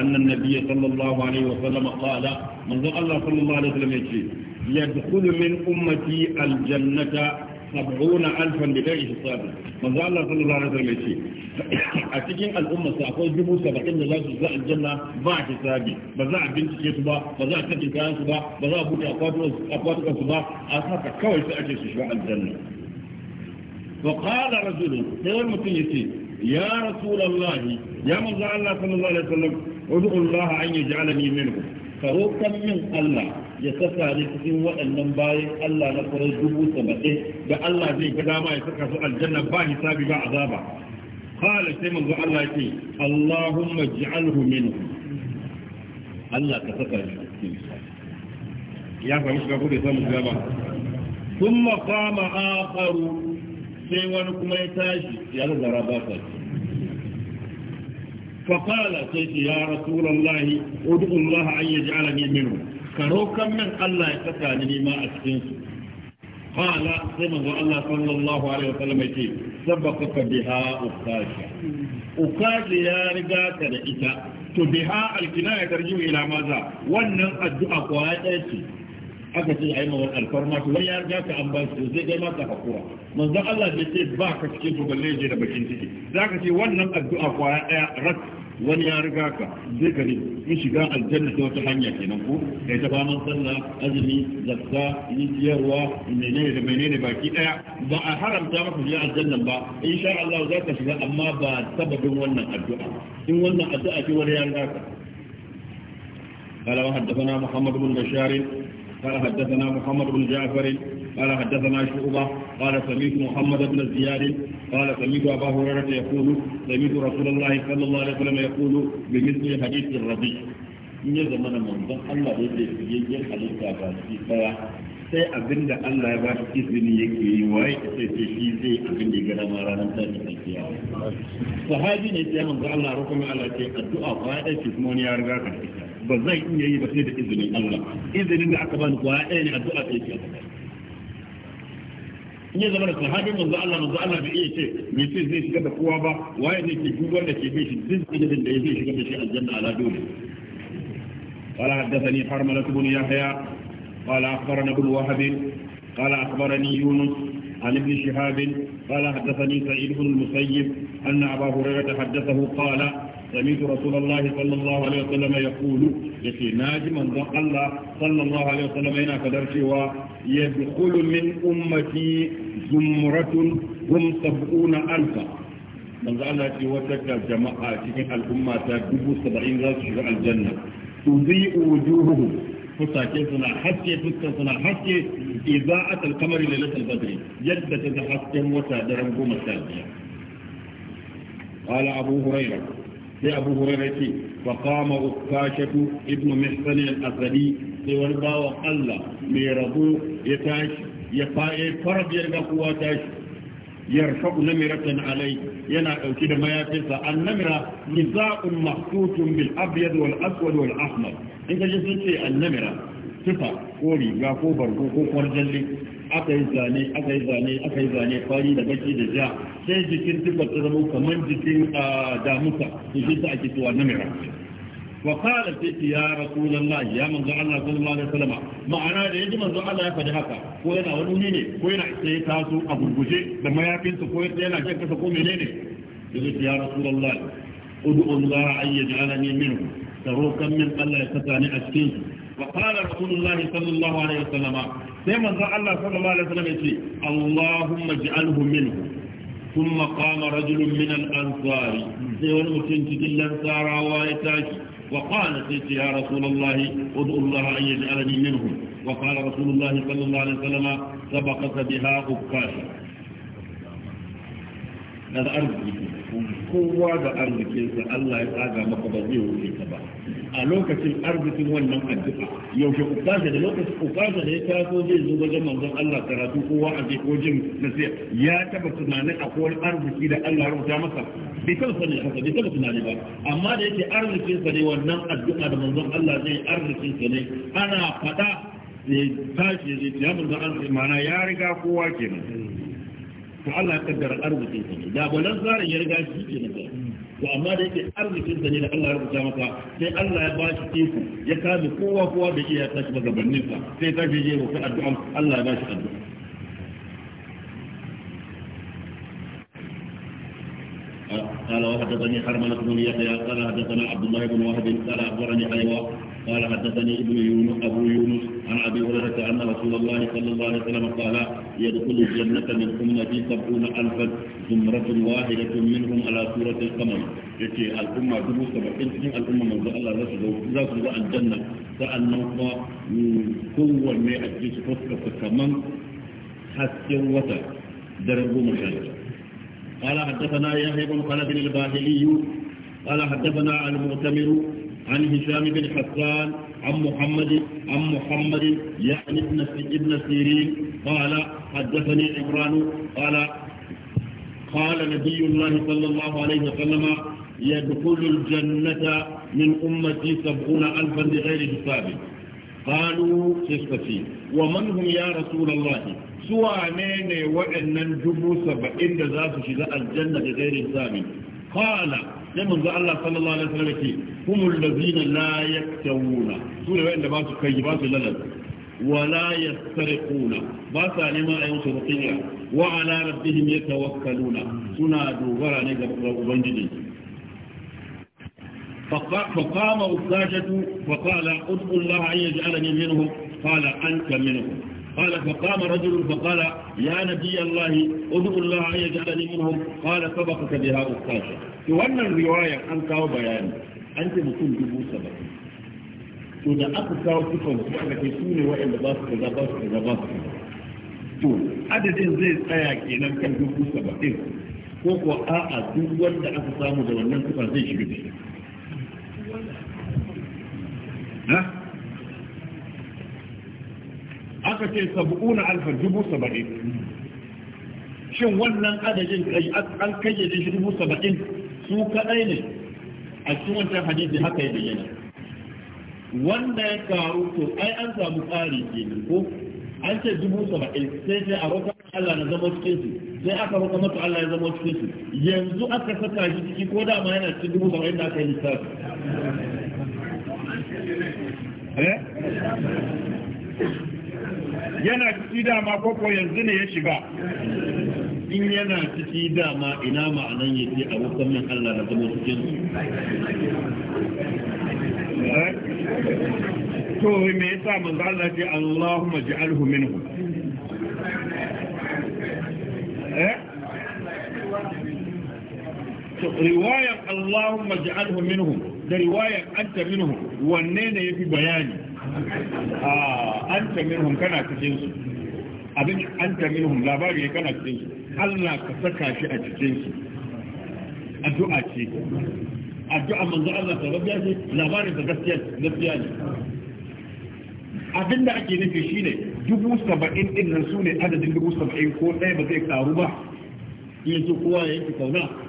أن النبي صلى الله عليه وسلم قال من الله صلى الله عليه وسلم يدخل من أمتي الجنة sab'una alfan bi ghairi hisabi manzo Allah sallallahu alaihi wasallam ce a cikin al'umma sa akwai dubu saba'in da za su za aljanna ba hisabi ba za a bincike su ba ba za a kace kayan su ba ba za a buɗe akwatukan su ba a haka kawai sai ake su shiga aljanna wa qala rajulun sai mutum yace ya rasulullahi ya manzo Allah sallallahu alaihi wasallam ud'u Allah an yaj'alani minhum ka roƙon min Allah ya saka ni cikin waɗannan bayan Allah na farar dubu saba'in da Allah zai ga dama ya saka su aljanna ba hisabi ba azaba qala sai manzo Allah yake Allahumma ij'alhu minhu Allah ka saka shi cikin ya fahimci ka kuɗe samun gaba thumma qama akharu sai wani kuma ya tashi ya zara ba sa فقال سيدي يا رسول الله ادعو الله أن يجعلني منه كروكا من الله يتسعني ما أسكنت قال سمع الله صلى الله عليه وسلم يتي سبقك بها أكاشا أكاشا يا رجاك لإتا تبها الكناية ترجو إلى ماذا وانا الدعاء قوائتي aka ce a yi mawar alfarma to wai ya riga ka an ba su zai dai maka hakura manzon Allah bai ce ba ka cikin su je da bakin ciki za ka ce wannan addu'a kwaya ɗaya rak wani ya riga ka zai gari in shiga aljanna ta wata hanya kenan ko kai ta faman sallah azumi zakka yiyarwa menene da menene baki ɗaya ba a haramta maka shiga aljannan ba insha Allah za ka shiga amma ba sababin wannan addu'a in wannan addu'a ce wani ya riga ka قال وحدثنا محمد بن بشار قال حدثنا محمد بن جعفر قال حدثنا شعبة قال سميت محمد بن زياد قال سميت أبا هريرة يقول سميت رسول الله صلى الله عليه وسلم يقول بمثل حديث الربيع in ya zama a manzon Allah da yake yayyen halitta sai abin da Allah ya ba shi izini yake yi waye sai sai shi zai abin da ya ma ranar tashi ta kiyawa sahabi ne sai manzon Allah rukun Allah ce addu'a ba ya dace kuma wani ya riga ka ba zai iya yi ba sai da izinin Allah izinin da aka bani kwaya ɗaya ne addu'a ɗaya ce in ya zama da sahabin manzo Allah manzo Allah bai iya ce me sai zai shiga da kowa ba waye ne ke duk wanda ke bi shi duk izinin da ya zai shiga da shi aljanna ala dole قال حدثني حرملة بن يحيى قال أخبرنا ابن وهب قال أخبرني يونس عن ابن شهاب قال حدثني سعيد بن المسيب أن أبا هريرة حدثه قال سميت رسول الله صلى الله عليه وسلم يقول لكي ناجم من الله صلى الله عليه وسلم هنا كدرش يدخل من أمتي زمرة هم سبعون ألفا من الله في وتكى جماعة تكين الأمة تجب سبعين ذات شجاع الجنة تضيء وجوههم فساكين حتى حسكي حتى إذاعة القمر ليلة البدر يدت تحسكي وتدرم قوم التالية قال أبو هريرة sai abu hurairar ce fa qama ukashatu ibnu mihsan al-asadi sai wani bawan Allah mai rabo ya tashi ya faye farabiyar ga kowa tashi yarfa'u namiratan alai yana dauki da mayafinsa annamira nizaqun mahsutun bil abyad wal aswad wal ahmar in kaje sun ce annamira tufa ko riga ko barko ko kwarjalle aka yi zane aka yi zane aka yi zane fari da baki da ja sai jikin tufa ta zama kamar jikin damuka to shi ta ake tuwa na mira wa qala fi ya rasulullah ya manzo Allah sallallahu alaihi wasallam ma'ana da yaji manzo Allah ya faɗi haka ko yana wani ne ko yana sai ya taso a gurguje da mayafinsa ko yana jin kasa ko menene yaji ya rasulullah ud'u Allah an yaj'alani minhu tarokan min Allah ya saka ni a cikin su وقال رسول الله صلى الله عليه وسلم سيما الله صلى الله عليه وسلم يقول اللهم اجعله منه ثم قام رجل من الأنصار سيوان مسنجد الأنصار ويتاشي وقال سيدي يا رسول الله ادعو الله أن يجعلني منهم وقال رسول الله صلى الله عليه وسلم سبقت بها أبكاشا هذا أرض kowa da arzikinsa Allah ya tsaga maka ba zai wuce ka ba a lokacin arzikin wannan addu'a yaushe ukasha da lokacin ukasha da ya taso zai zo wajen manzon Allah karatu kowa a je ko jin nasiya ya taba tunanin akwai arziki da Allah ya rubuta masa bai taba sani haka bai taba tunani ba amma da yake arzikinsa ne wannan addu'a da manzon Allah zai arzikinsa ne ana fada sai tashi ya je ya manzon Allah ma'ana ya riga kowa kenan to Allah ya kaddara arzikin sa ne da gwanan tsarin ya riga shi ke nan to amma da yake arzikin sa ne da Allah ya rubuta maka sai Allah ya bashi teku ya kame kowa kowa da iya tashi magabannin sa sai tashi je roƙi addu'a Allah ya bashi addu'a قال وحدثني حرملة بن يحيى قال حدثنا عبد الله بن وهب قال أخبرني حيوى قال حدثني ابن يونس أبو يونس عن أبي هريرة أن رسول الله صلى الله عليه وسلم قال يدخل الجنة من أمتي سبعون ألفا زمرة واحدة منهم على سورة القمر يتي الأمة دبو سبعين سنين الأمة من الله رسول الله رسول الجنة سألنا قوة ما أجلس فسكة كمان حتى وتا درجة مشاهدة قال حدثنا يحيى بن خلف الباهلي قال حدثنا المؤتمر عن هشام بن حسان عن محمد عن محمد يعني ابن ابن سيرين قال حدثني عمران قال قال نبي الله صلى الله عليه وسلم يدخل الجنة من أمتي سبعون ألفا بغير حساب قالوا خفتي ومن هم يا رسول الله suwa ne ne waɗannan dubu saba'in da za su shiga aljanna da gairin sami kala sai mun ga Allah sallallahu alaihi wasallam ce humul ladina la yaktawuna su ne waɗanda ba su kai ba su lalata wala yasriquna ba sa neman ayyukan ruqiya wa ala rabbihim yatawakkaluna suna dogara ne ga ubangiji فقام الزاجة فقال ادعوا الله أن يجعلني منهم قال أنت منهم قال فقام رجل فقال يا نبي الله ادعو الله أن يجعلني منهم قال سبقك بها أستاذ في وانا الرواية أنت وبيان أنت بكل جبو سبقك to da aka kawo sifan su aka ce su ne waɗanda ba su kaza ba su kaza ba su kaza to adadin zai tsaya kenan kan dubu saba'in ko ko a'a duk wanda aka samu da wannan sifan zai shiga ciki aka ce sabu'una alfa dubu saba'in shin wannan adadin an kayyade shi dubu saba'in su kaɗai ne a cikin wancan hadisi haka ya bayyana wanda ya karu to ai an samu tsari kenan ko an ce dubu saba'in sai sai a roƙa Allah na zama cikin su sai aka roƙa masa Allah ya zama cikin su yanzu aka saka shi ciki ko da ma yana cikin dubu saba'in da aka yi lissafi eh yana ciki dama ko yanzu ne ya shiga in yana ciki dama ina ma'anan ya ce abokan min Allah da zama cikin eh? to me yasa manzo Allah ce Allahumma ij'alhu minhu eh riwayar Allahumma ij'alhu minhu da riwayar anta minhu wanne ne yafi bayani Ah, an ta minhum kana cikin su abin an ta minhum labari kana cikin su Allah ka saka shi a cikin su addu'a ce addu'a manzo Allah ta rabbiya ce labarin da gaskiya gaskiya ne da ake nufi ne dubu saba'in din nan su ne adadin dubu saba'in ko ɗaya ba zai karu ba yanzu kowa ya yanki kauna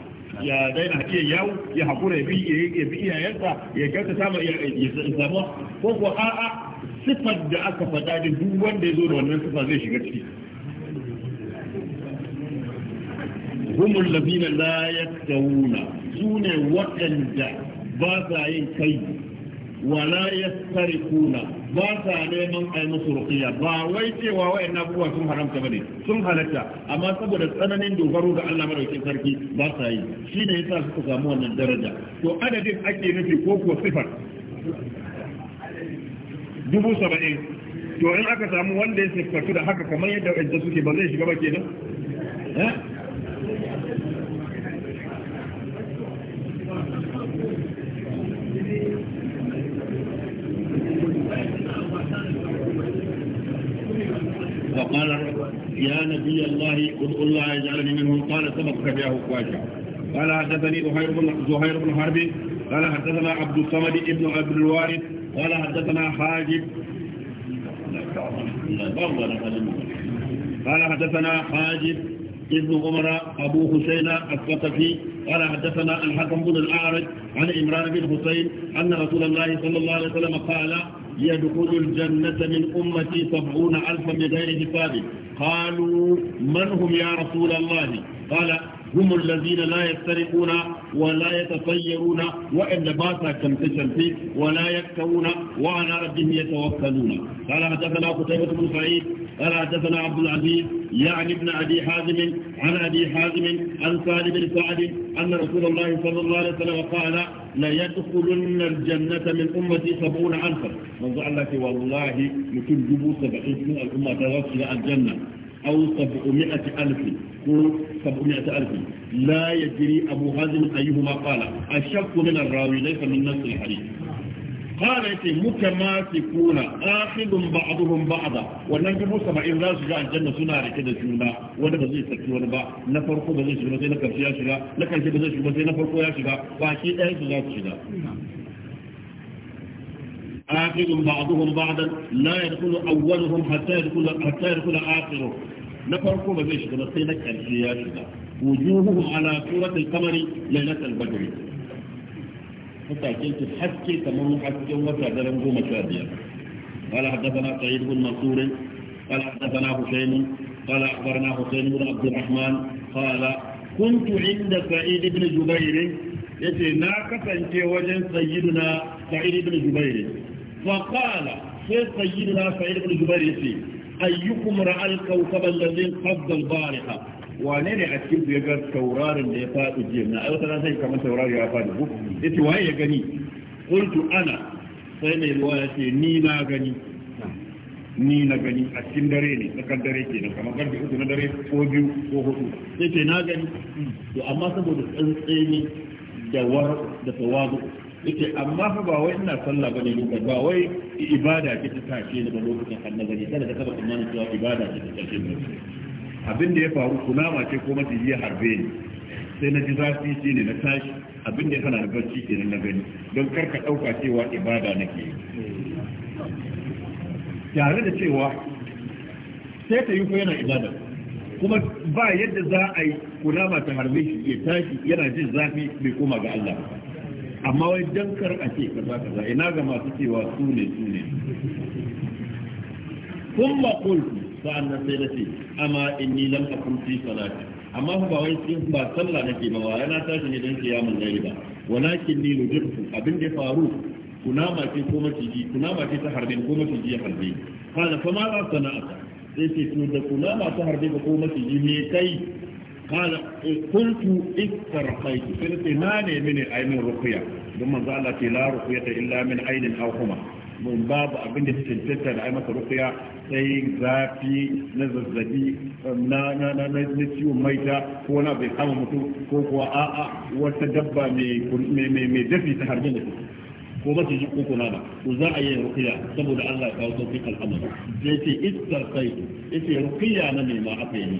ya daina hakiyar ya hakura ya bi iyayensa ya kyauta sama ya samu ko ko a'a sifar da aka faɗa da duk wanda ya zo da wannan sifa zai shiga ciki humul ladina la yaktawuna sune waɗanda ba sa yin kai wala ya kuna. ba sa neman yi musu rukiya ba wai cewa ina abubuwa sun haramta ne sun halatta amma saboda tsananin dogaro ga Allah madaukakin sarki ba sa yi shi shine yasa suka samu wannan daraja to adadin ake nufi ko kuwa sifar dubu saba'in to in aka samu wanda ya siffatu da haka kamar yadda wa'anda suke ba zai shiga ba kenan eh? يا نبي الله قل الله يجعلني منهم قال سبقك بأهو كواجه قال حدثني زهير بن حرب قال حدثنا عبد الصمد بن عبد الوارث قال حدثنا حاجب قال حدثنا حاجب ابن عمر أبو حسين الثقفي قال حدثنا الحكم بن الأعرج عن إمران بن حسين أن رسول الله صلى الله عليه وسلم قال يدخل الجنة من أمتي سبعون ألفا بغير حساب قالوا من هم يا رسول الله قال هم الذين لا يسترقون ولا يتطيرون وإن باسا كمتشمتي ولا يكتون وعلى ربهم يتوكلون قال حدثنا قتيبة بن سعيد قال حدثنا عبد العزيز يعني ابن أبي حازم عن أبي حازم عن سعد بن سعد أن رسول الله صلى الله عليه وسلم قال ليدخلن الجنة من أمتي سبعون ألفا من قال لك والله يتجبوا سبعين من الأمة تغسل الجنة أو سبعمائة ألف قول سبعمائة ألف لا يجري أبو حازم أيهما قال الشك من الراوي ليس من نفس الحديث قالت يتي متماسكون آخذ بعضهم بعضا وأنهم يقولون سبا إن راسجا الجنة سنة لكذا شونا وأنا بزيس تكتون با نفرق بزيس بزيس نكرس يا شغا لكن كي بزيس بزيس نفرق يا فاكي أي سنة شغا آخذ بعضهم بعضا لا يدخل أولهم حتى يدخل حتى يدخل آخرهم نفرق بزيس بزيس نكرس يا شغا وجوهه على صورة القمر ليلة البدر فكاكين تحكي كمان حكي وفي هذا الانجوم الشادية قال حدثنا سعيد بن منصور قال حدثنا حسين قال أخبرنا حسين بن عبد الرحمن قال كنت عند سعيد بن جبير يتي ناكسا انت وجن سيدنا سعيد بن جبير فقال sai sayyidina sa'id ibn jubair yace ayyukum ra'al kawkab alladhi qabda al-bariha wane ne a cikin ya ga taurarin da ya faɗi jiya na aiwata na sai kamar taurari ya faɗi ku ya ce waye ya gani kuntu ana sai mai ruwa ya ce ni na gani ni na gani a cikin dare ne tsakar dare ke nan kamar karfe uku na dare ko biyu ko hudu sai ce na gani to amma saboda tsantseni da war da tawazu yake amma fa ba wai ina sallah bane ne ba wai ibada ke ta tashe ne ba lokacin annabi kada ka taba tsammanin cewa ibada ke ta tashe ne abin da ya faru kunama ce ko maciji ya harbe ni sai na ji zafi shi ne na tashi abin da ya hana barci kenan na gani don karka ɗauka cewa ibada nake yi tare da cewa sai ta yi ko yana ibada kuma ba yadda za a yi kunama ta harbe shi ya tashi yana jin zafi bai koma ga Allah amma wai dan kar a ce kaza kaza ina ga masu cewa su ne su ne kuma kulku sa'annan sai nace amma ni lam akun fi salati amma ba wai in ba sallah nake ba wa yana tashi ne dan kiyamun laili ba walakin ni lujirtu abin da faru kunama ce ko maciji kunama ce ta harbin ko maciji ya harbe kana fa ma za sana'a sai ce to da kunama ta harbe ko maciji me kai قال قلت استرقيت ne ما لي ruqya عين الرقيه ثم ce la رقيه illa min عين او حمى mun babu abin da suke tattara da ai masa rukiya sai zafi na zazzabi na ciwon maita ko na bai kama mutum ko kuwa a'a wata dabba mai dafi ta harbin da ko ba su ji ko kuna ba ko za a yi rukiya saboda Allah ya kawo sauƙin al'amari sai ce istarqaitu yace rukiya na ne ma aka yi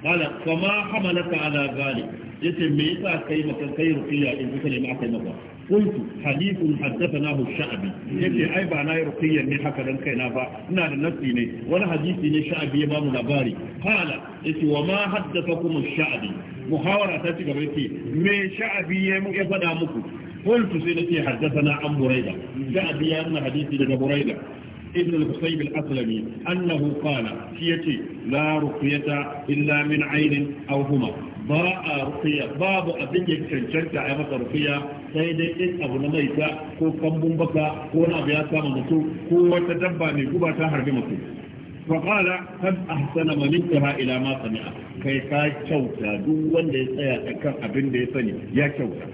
قال فما حملك على ذلك yace me yasa kai maka kai ruqiyya in kuka nemi aka yi maka qultu hadithun haddathanahu sha'bi yace ai ba na yi ruqiyya ne haka dan na ba ina da nasi ne wani hadisi ne sha'bi ya bamu labari qala yace wa ma haddathakum sha'bi muhawara ta ci gaba yace me sha'abi ya mu ya fada muku qultu sai nace haddathana an buraida sha'bi ya nuna hadisi daga buraida ابن الحسيب الأسلمي أنه قال سيتي لا رقية إلا من عين أو هما ba a rufiya babu abin da cancanta a masa rufiya sai dai in abu na maita ko kambun baka ko wani abu ya samu mutum ko wata dabba mai guba ta harbi mutum فقال قد احسن من انتهى الى ما kai ka kyauta duk wanda ya tsaya akan abin da ya sani ya kyauta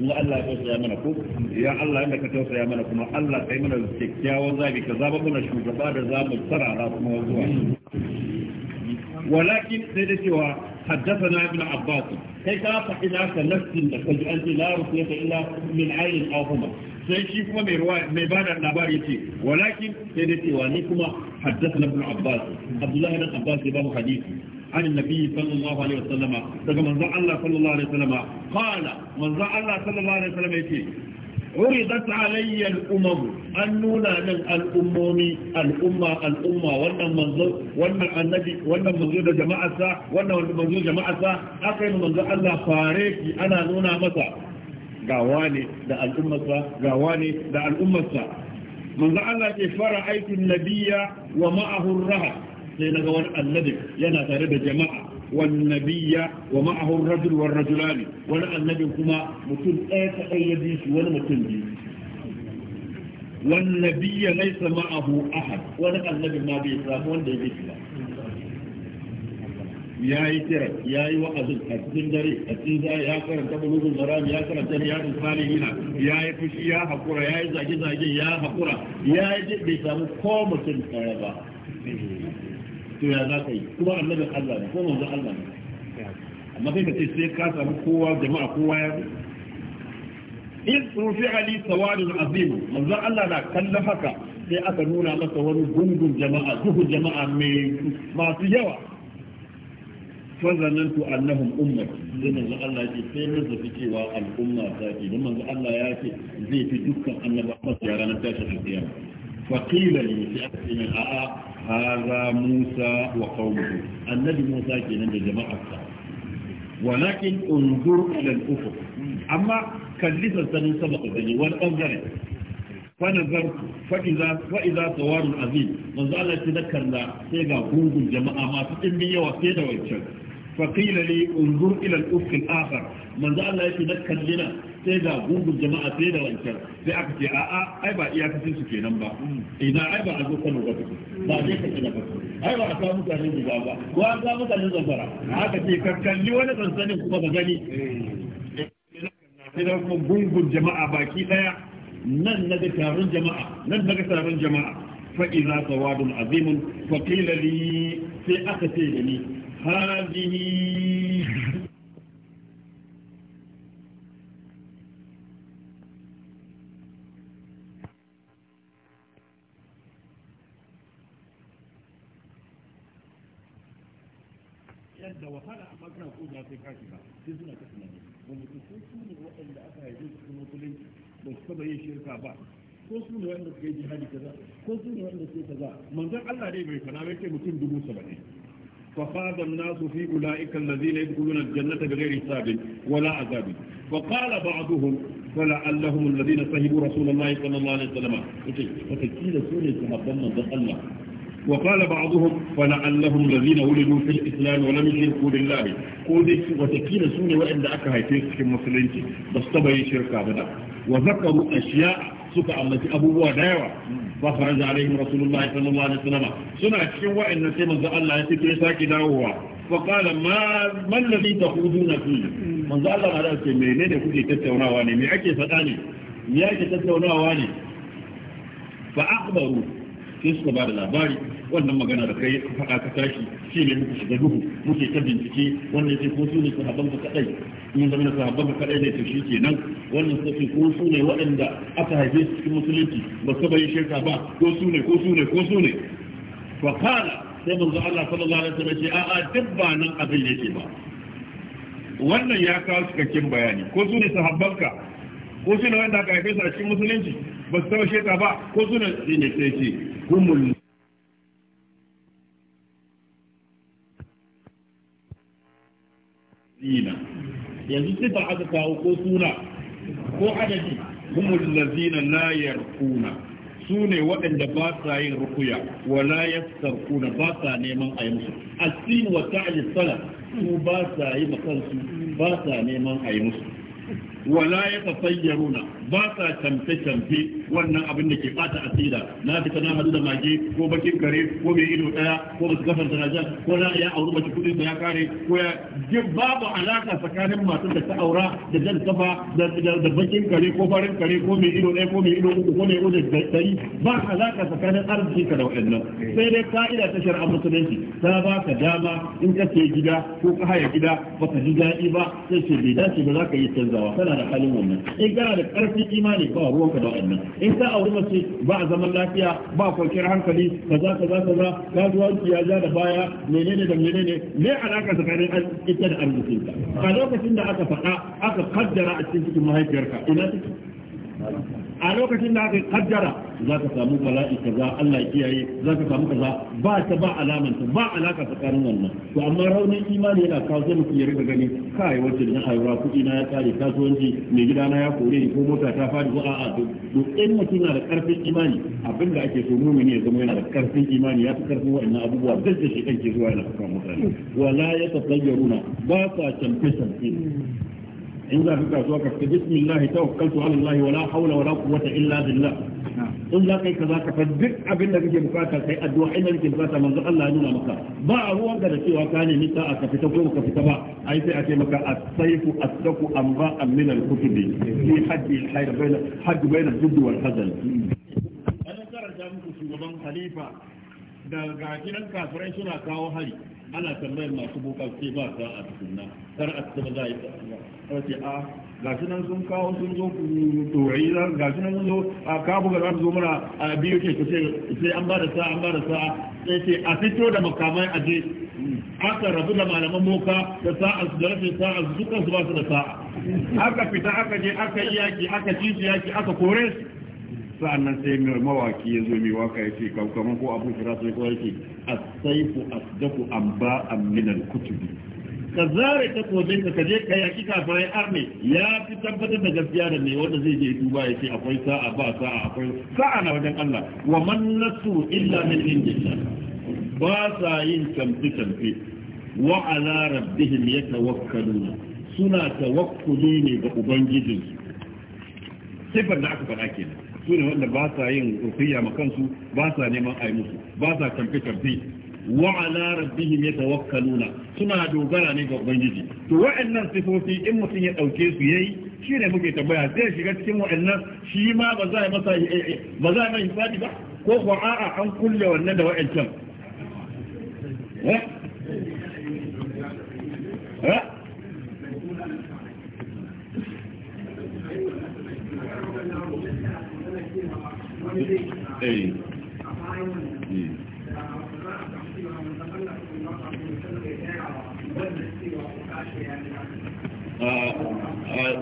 in Allah ya tausaya mana ko ya Allah inda ka tausaya mana kuma Allah kai mana kyakkyawan zabi ka zaba mana shugaba da zamu tsarara kuma zuwa walakin sai da cewa حدثنا ابن عباس كيف فإلا كنفس تجد أنت لا رسية إلا من عين أو هما سيشي كما ميبانا النبار يتي ولكن سيدتي وانيكما حدثنا ابن عباس عبد الله بن عباس يباه حديث عن النبي صلى الله عليه وسلم تقول منظر الله صلى الله عليه وسلم قال منظر الله صلى الله عليه وسلم يتي عرضت علي الأمم أنونا من الأمومي الأمة الأمة وأن منظر وأن النبي وأن منظور جماعة سا وأن منظور جماعة سا أقل منظور الله فاريكي أنا نونا مسا قواني دا الأمة سا قواني دا الأمة سا منظور الله فرأيت النبي ومعه الرهب سينغوان النبي ينا تارد جماعة والنبي ومعه الرجل والرجلان ولا النبي كما متن ايه اي ولا متن والنبي ليس معه احد ولا النبي ما بيسلام ولا بيسلام ya yi kira ya yi wa'azin a cikin dare a cikin za ya karanta bulugun maram ya karanta riyadun salihina ya yi fushi ya haƙura ya yi zage-zage ya haƙura ya yi bai samu ko mutum ɗaya ba to ya za ka yi kuma annabin Allah ne kuma manzon Allah ne amma kai ka ce sai ka samu kowa jama'a kowa ya zo in rufi ali sawadul azim manzon Allah na kallon haka sai aka nuna masa wani gungun jama'a duhun jama'a mai masu yawa fazanantu annahum ummati sai manzo Allah ya ce sai mun zafi cewa al'umma ta ce dan manzo Allah ya ce zai fi dukkan annabawa ya ranar tashin alkiyama fa qila li sai aka ce min a'a هذا موسى وقومه النبي موسى كان جماعة ولكن انظر إلى الأفق أما كلفة سنة سبق بني والأنظر فنظرت فإذا فإذا ثوار عظيم من ذا لا تذكر لا سيغا غوغ الجماعة ما تتنبيه وسيدا ويتشك فقيل لي انظر إلى الأفق الآخر من ذا لا يتذكر لنا sai ga gungun jama'a sai da wancan sai aka ce a'a ai ba iya iyakacin su kenan ba idan ai ba a zo kano ba ba ne ka kina ba ai ba a samu mutane gida ba ko an kawo mutane zamfara haka ce ka kalli wani sansanin kuma ka gani sai da kuma gungun jama'a baki daya nan na ga taron jama'a nan na ga taron jama'a fa idza sawadun azimun fa qila li sai aka ce da ni hadhihi kaza sai ka shiga sai suna ta tunani wanda su ko su ne waɗanda aka haife su cikin musulunci ba su taɓa yin shirka ba ko su ne waɗanda suka yi jihadi kaza ko su ne waɗanda suka kaza manzon Allah dai bai fana bai ce mutum dubu saba'in ففاض الناس في أولئك الذين يدخلون الجنة بغير حساب ولا عذاب فقال بعضهم فلعلهم الذين صهبوا رسول الله صلى الله عليه وسلم وتكيل سورة صحابة من الله وقال بعضهم فلعلهم الذين ولدوا في الإسلام ولم يشركوا بالله قودك وتكين سوني وإن دعك هيتيس في المسلمين بستبعي شركة بدا وذكروا أشياء سكع التي أبوها داوة فخرج عليهم رسول الله صلى الله عليه وسلم سنة شوى إن سيما زعل الله يتكي ساكي داوة فقال ما, ما الذي تخوضون فيه من زعل الله على أسمي لين يكون تتوناواني مي أكي فتاني مي أكي تتوناواني فأخبروا sai suka ba da labari wannan magana da kai faɗa ka tashi shi ne muka shiga duhu muke ta bincike wannan sai ko su ne sahabban ka kadai in zama na sahabban ka kadai ne to shi ke nan wannan sai ko su ne waɗanda aka haife su cikin musulunci ba su bayi shirka ba ko su ne ko su ne ko su ne fa kana sai manzo Allah sallallahu alaihi wasallam ce a'a duk ba nan abin yake ba wannan ya kawo cikakken bayani ko su ne ko su ne wanda aka haife su a cikin musulunci ba su taɓa sheka ba ko su ne sai ce yanzu sifa aka kawo ko suna ko adadi humul lazina la yarquna su ne waɗanda ba sa yin rukuya wala yastarquna ba sa neman a yi musu asin wa ta'lis sala su ba sa yi makansu ba sa neman a yi musu wala ya tasayyaruna ba sa camfe camfe wannan abin da ke bata asida na fita na hadu da mage ko bakin kare ko mai ido daya ko basu kafar darajar ko na ya auri mace kudin sa ya kare ko ya jin babu alaka tsakanin masu da ta aura da jan kafa da bakin kare ko farin kare ko mai ido daya ko mai ido uku ko mai ido da dari ba alaka tsakanin arziki ka da waɗannan sai dai ka'ida ta shar'a musulunci ta ba ka dama in ka ce gida ko ka haya gida ba ka ji daɗi ba sai ce bai dace ba za ka yi canzawa kana da halin wannan in kana da karfin imani ba ruwanka da wannan in ka auri mace ba a zaman lafiya ba kwanciyar hankali kaza kaza kaza kasuwanci ya ja da baya menene da menene me alaka tsakanin ita da arzikinka a lokacin da aka faɗa aka kaddara a cikin cikin mahaifiyarka ina take a lokacin da aka kaddara za ka samu bala'i kaza Allah ya kiyaye za ka samu kaza ba ta ba alaman ta ba alaka tsakanin wannan to amma raunin imani yana kawo zai mutum ya riga gani kai wacce da na aura kuɗi na ya tsare kasuwanci mai gida na ya kore ni ko mota ta fadi ko a'a to in mutum na da karfin imani abin da ake so mumini ya zama yana da karfin imani ya fi karfin wa'annan abubuwa duk da shi kanke zuwa yana fuka mutane wala ya tafayyaruna ba sa canfe in za ka kasuwa ka ce bismillah tawakkaltu ala allah wala hawla wala quwwata illa billah in za kai kaza ka fa duk abin da kake bukata kai addu'a inda kake bukata manzo Allah ya nuna maka ba a ruwan da cewa ka ne nita a ka fita ko ka fita ba ai sai a ce maka as-sayfu as-saku amba min al-kutubi fi haddi al-hayr bayna hadd bayna al-judd wal hazal ana karanta muku shugaban khalifa da ga gidan kafirai suna kawo hari ana tambayar masu bukatu ba za a tukunna kar a tsaba za a yi ce a ah, gashi nan sun kawo sun zo tori gashi nan sun zo a kabu ga za zo mana a biyu ke ku sai an ba da sa'a an ba da sa'a sai ce a fito da makamai a je aka rabu da malaman moka da sa'a su da rashin sa'a su dukkan su ba su da sa'a aka fita aka je aka yi yaki aka ci su yaki aka kore su sa'an sai mai mawaki ya zo mai waka ya ce kamar ko abu fira sai a ko yake asaifu asdaku amba aminal kutubi ka zare ta kojin ka je ka yaki kafirai arne ya fi tabbatar da gaskiya da ne wanda zai je duba ya ce akwai sa'a ba sa'a akwai sa'a na wajen Allah wa man nasu illa min indillah ba sa yin tamfi tamfi wa ala rabbihim yatawakkaluna suna tawakkuli ne ga ubangijinsu sifar da aka faɗa kenan su ne wanda ba sa yin rufiya ma kansu ba sa neman a musu ba sa tamfi tamfi wa ala rabbihim yatawakkaluna suna dogara ne ga ubangiji to wa'annan sifofi in mutum ya dauke su yayi shine muke tambaya sai shiga cikin wa'annan shi ma ba za masa eh, eh, ba za mai ba ko ko a'a an kulle wannan da wa'ancan eh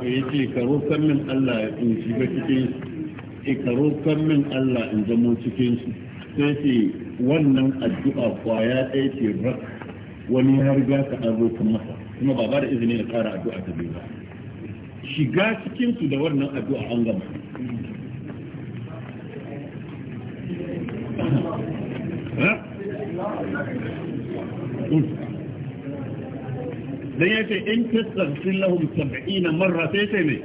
ya ce karo kan min Allah in shiga cikin su eh, karo kan min Allah in zamo cikin su sai ce wannan addu'a kwaya ɗaya ce rak wani ya riga ka an roƙa masa kuma ba ba da izini da ƙara addu'a ta biyu ba shiga cikin su da wannan addu'a an gama rak dan yace in tastaghfir lahum 70 marra sai sai ne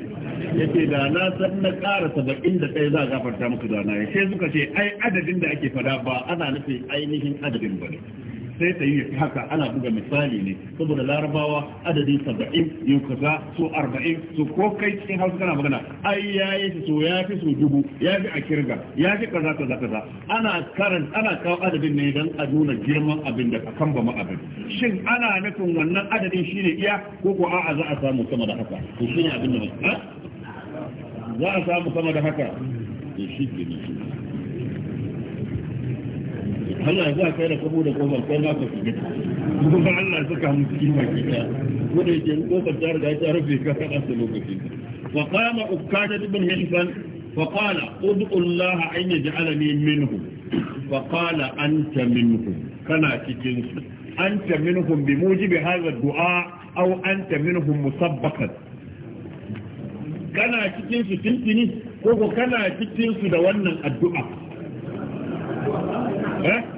yace da na san na ƙara 70 da kai za a gafarta muku da na sai suka ce ai adadin da ake fada ba ana nufin ainihin adadin bane sai ta yi haka ana buga misali ne saboda larabawa adadin saba'in yin kaza so arba'in su ko kai cikin hausa kana magana ai ya yi su so ya fi su dubu ya fi a kirga ya fi kaza kaza kaza ana karan ana kawo adadin ne don a nuna girman abin da kan ba ma abin shin ana nufin wannan adadin shine iya ko ko a'a za a samu sama da haka to shine abin da ba za a samu sama da haka to shi ne Allah ya kai da kabo da kofar kai ma ka shiga kuma Allah ya saka mu cikin baki ta ko da yake kofar ta riga ta rufe ka kada su lokaci wa qama ukada ibn hilfan fa qala ud'u Allah an yaj'alani minhu fa qala anta minhu kana cikin su anta minhum bi mujibi hadha ad-du'a aw anta minhum musabbaqan kana cikin su tintini ko ko kana cikin su da wannan addu'a eh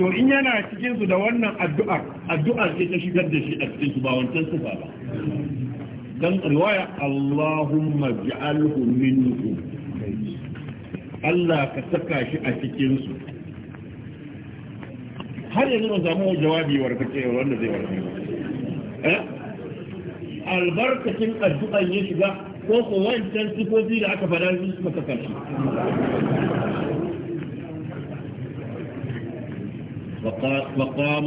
to in yana cikin su da wannan addu'a addu'a ce ta shigar da shi a cikin su ba wancan sifa ba dan riwaya Allahumma ij'alhu minhum Allah ka saka shi a cikin su har yanzu ba samu jawabi kace wanda zai warke eh albarkacin addu'an ya shiga ko ko wancan sifofi da aka faɗa su suka وقام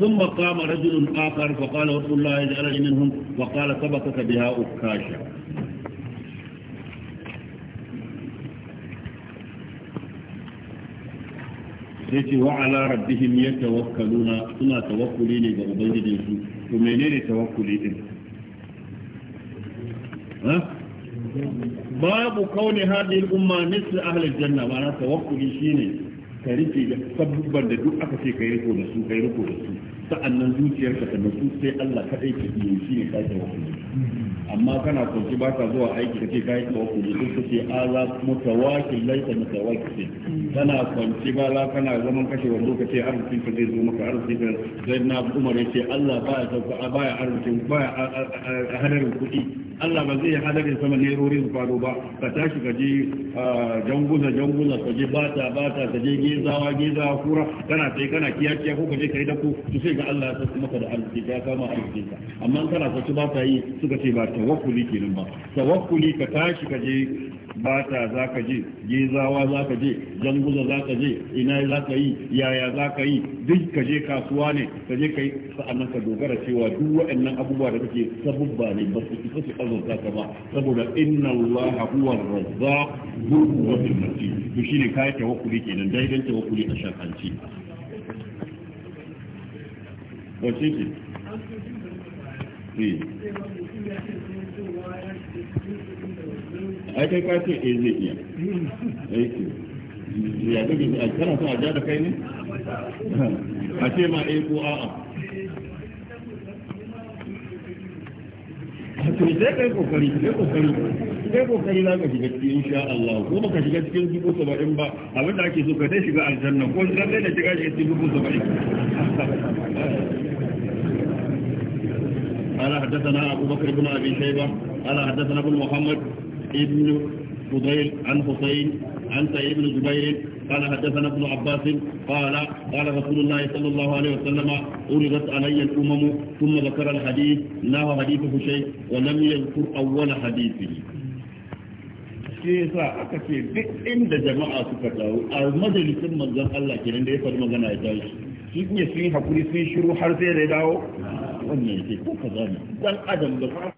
ثم قام رجل آخر فقال رسول الله اجعلني منهم وقال سبقك بها أكاشا سيتي وعلى ربهم يتوكلون سنة توكلين بأبيض يسوع ومنين توكلين ها؟ باب كون هذه الأمة مثل أهل الجنة وأنا توكل شيني ka rike da sabubban da duk aka ce kai riko da su kai riko da su sa'annan zuciyarka ta nasu sai Allah kaɗai ke iya shi ne kake wa amma kana sauki ba ka zuwa aiki da ke ka yi tawakkuli duk ka ala a za laifin laita mutawakil kana kwanci ba la kana zaman kashe wando ka ce arzikin ka zai zo maka arzikin zai na umar ya ce Allah baya sauka baya arzikin baya hadarin kuɗi Allah ba zai hadarin sama ne rorin fado ba ka tashi ka je janguza janguza ka je bata bata ka je gezawa gezawa kura kana sai kana kiya ko ka je kai dako to sai ga Allah ya sauka maka da arziki ya kama arzikin ka amma kana sauki ba ka yi suka ce ba tawakkuli kenan ba tawakkuli ka tashi ka je bata za ka je gezawa za ka je janguza za ka je ina za ka yi yaya za ka yi duk ka je kasuwa ne ka je ka yi sa'annan ka dogara cewa duk waɗannan abubuwa da kake sabubba ne ba su isa azurta ka ba saboda inna allaha huwa razzaq dhul quwwati matin to shine kai tawakkuli kenan daidan tawakkuli a shakanci wace ai kai ka ce eh zai iya aiki ya kake a kana son a ja da kai ne a ce ma eh ko a'a to sai kai kokari kai kokari kai kokari za ka shiga cikin insha Allah ko baka shiga cikin dubu saba'in ba abinda ake so ka dai shiga aljanna ko zan dai da shiga shiga cikin dubu saba'in قال حدثنا أبو بكر بن أبي شيبة قال حدثنا ابن محمد ابن فضيل عن حسين عن سعيد بن جبير قال حدثنا ابن عباس قال قال رسول الله صلى الله عليه وسلم أردت علي الأمم ثم ذكر الحديث لا حديثه شيء ولم يذكر أول حديثه shi yasa aka ce duk inda jama'a suka taru a majalisin manzon Allah kenan da ya faɗi magana ya tashi shi ne sun hakuri sun shiru har sai da ya dawo wannan ce ko ka ne dan adam da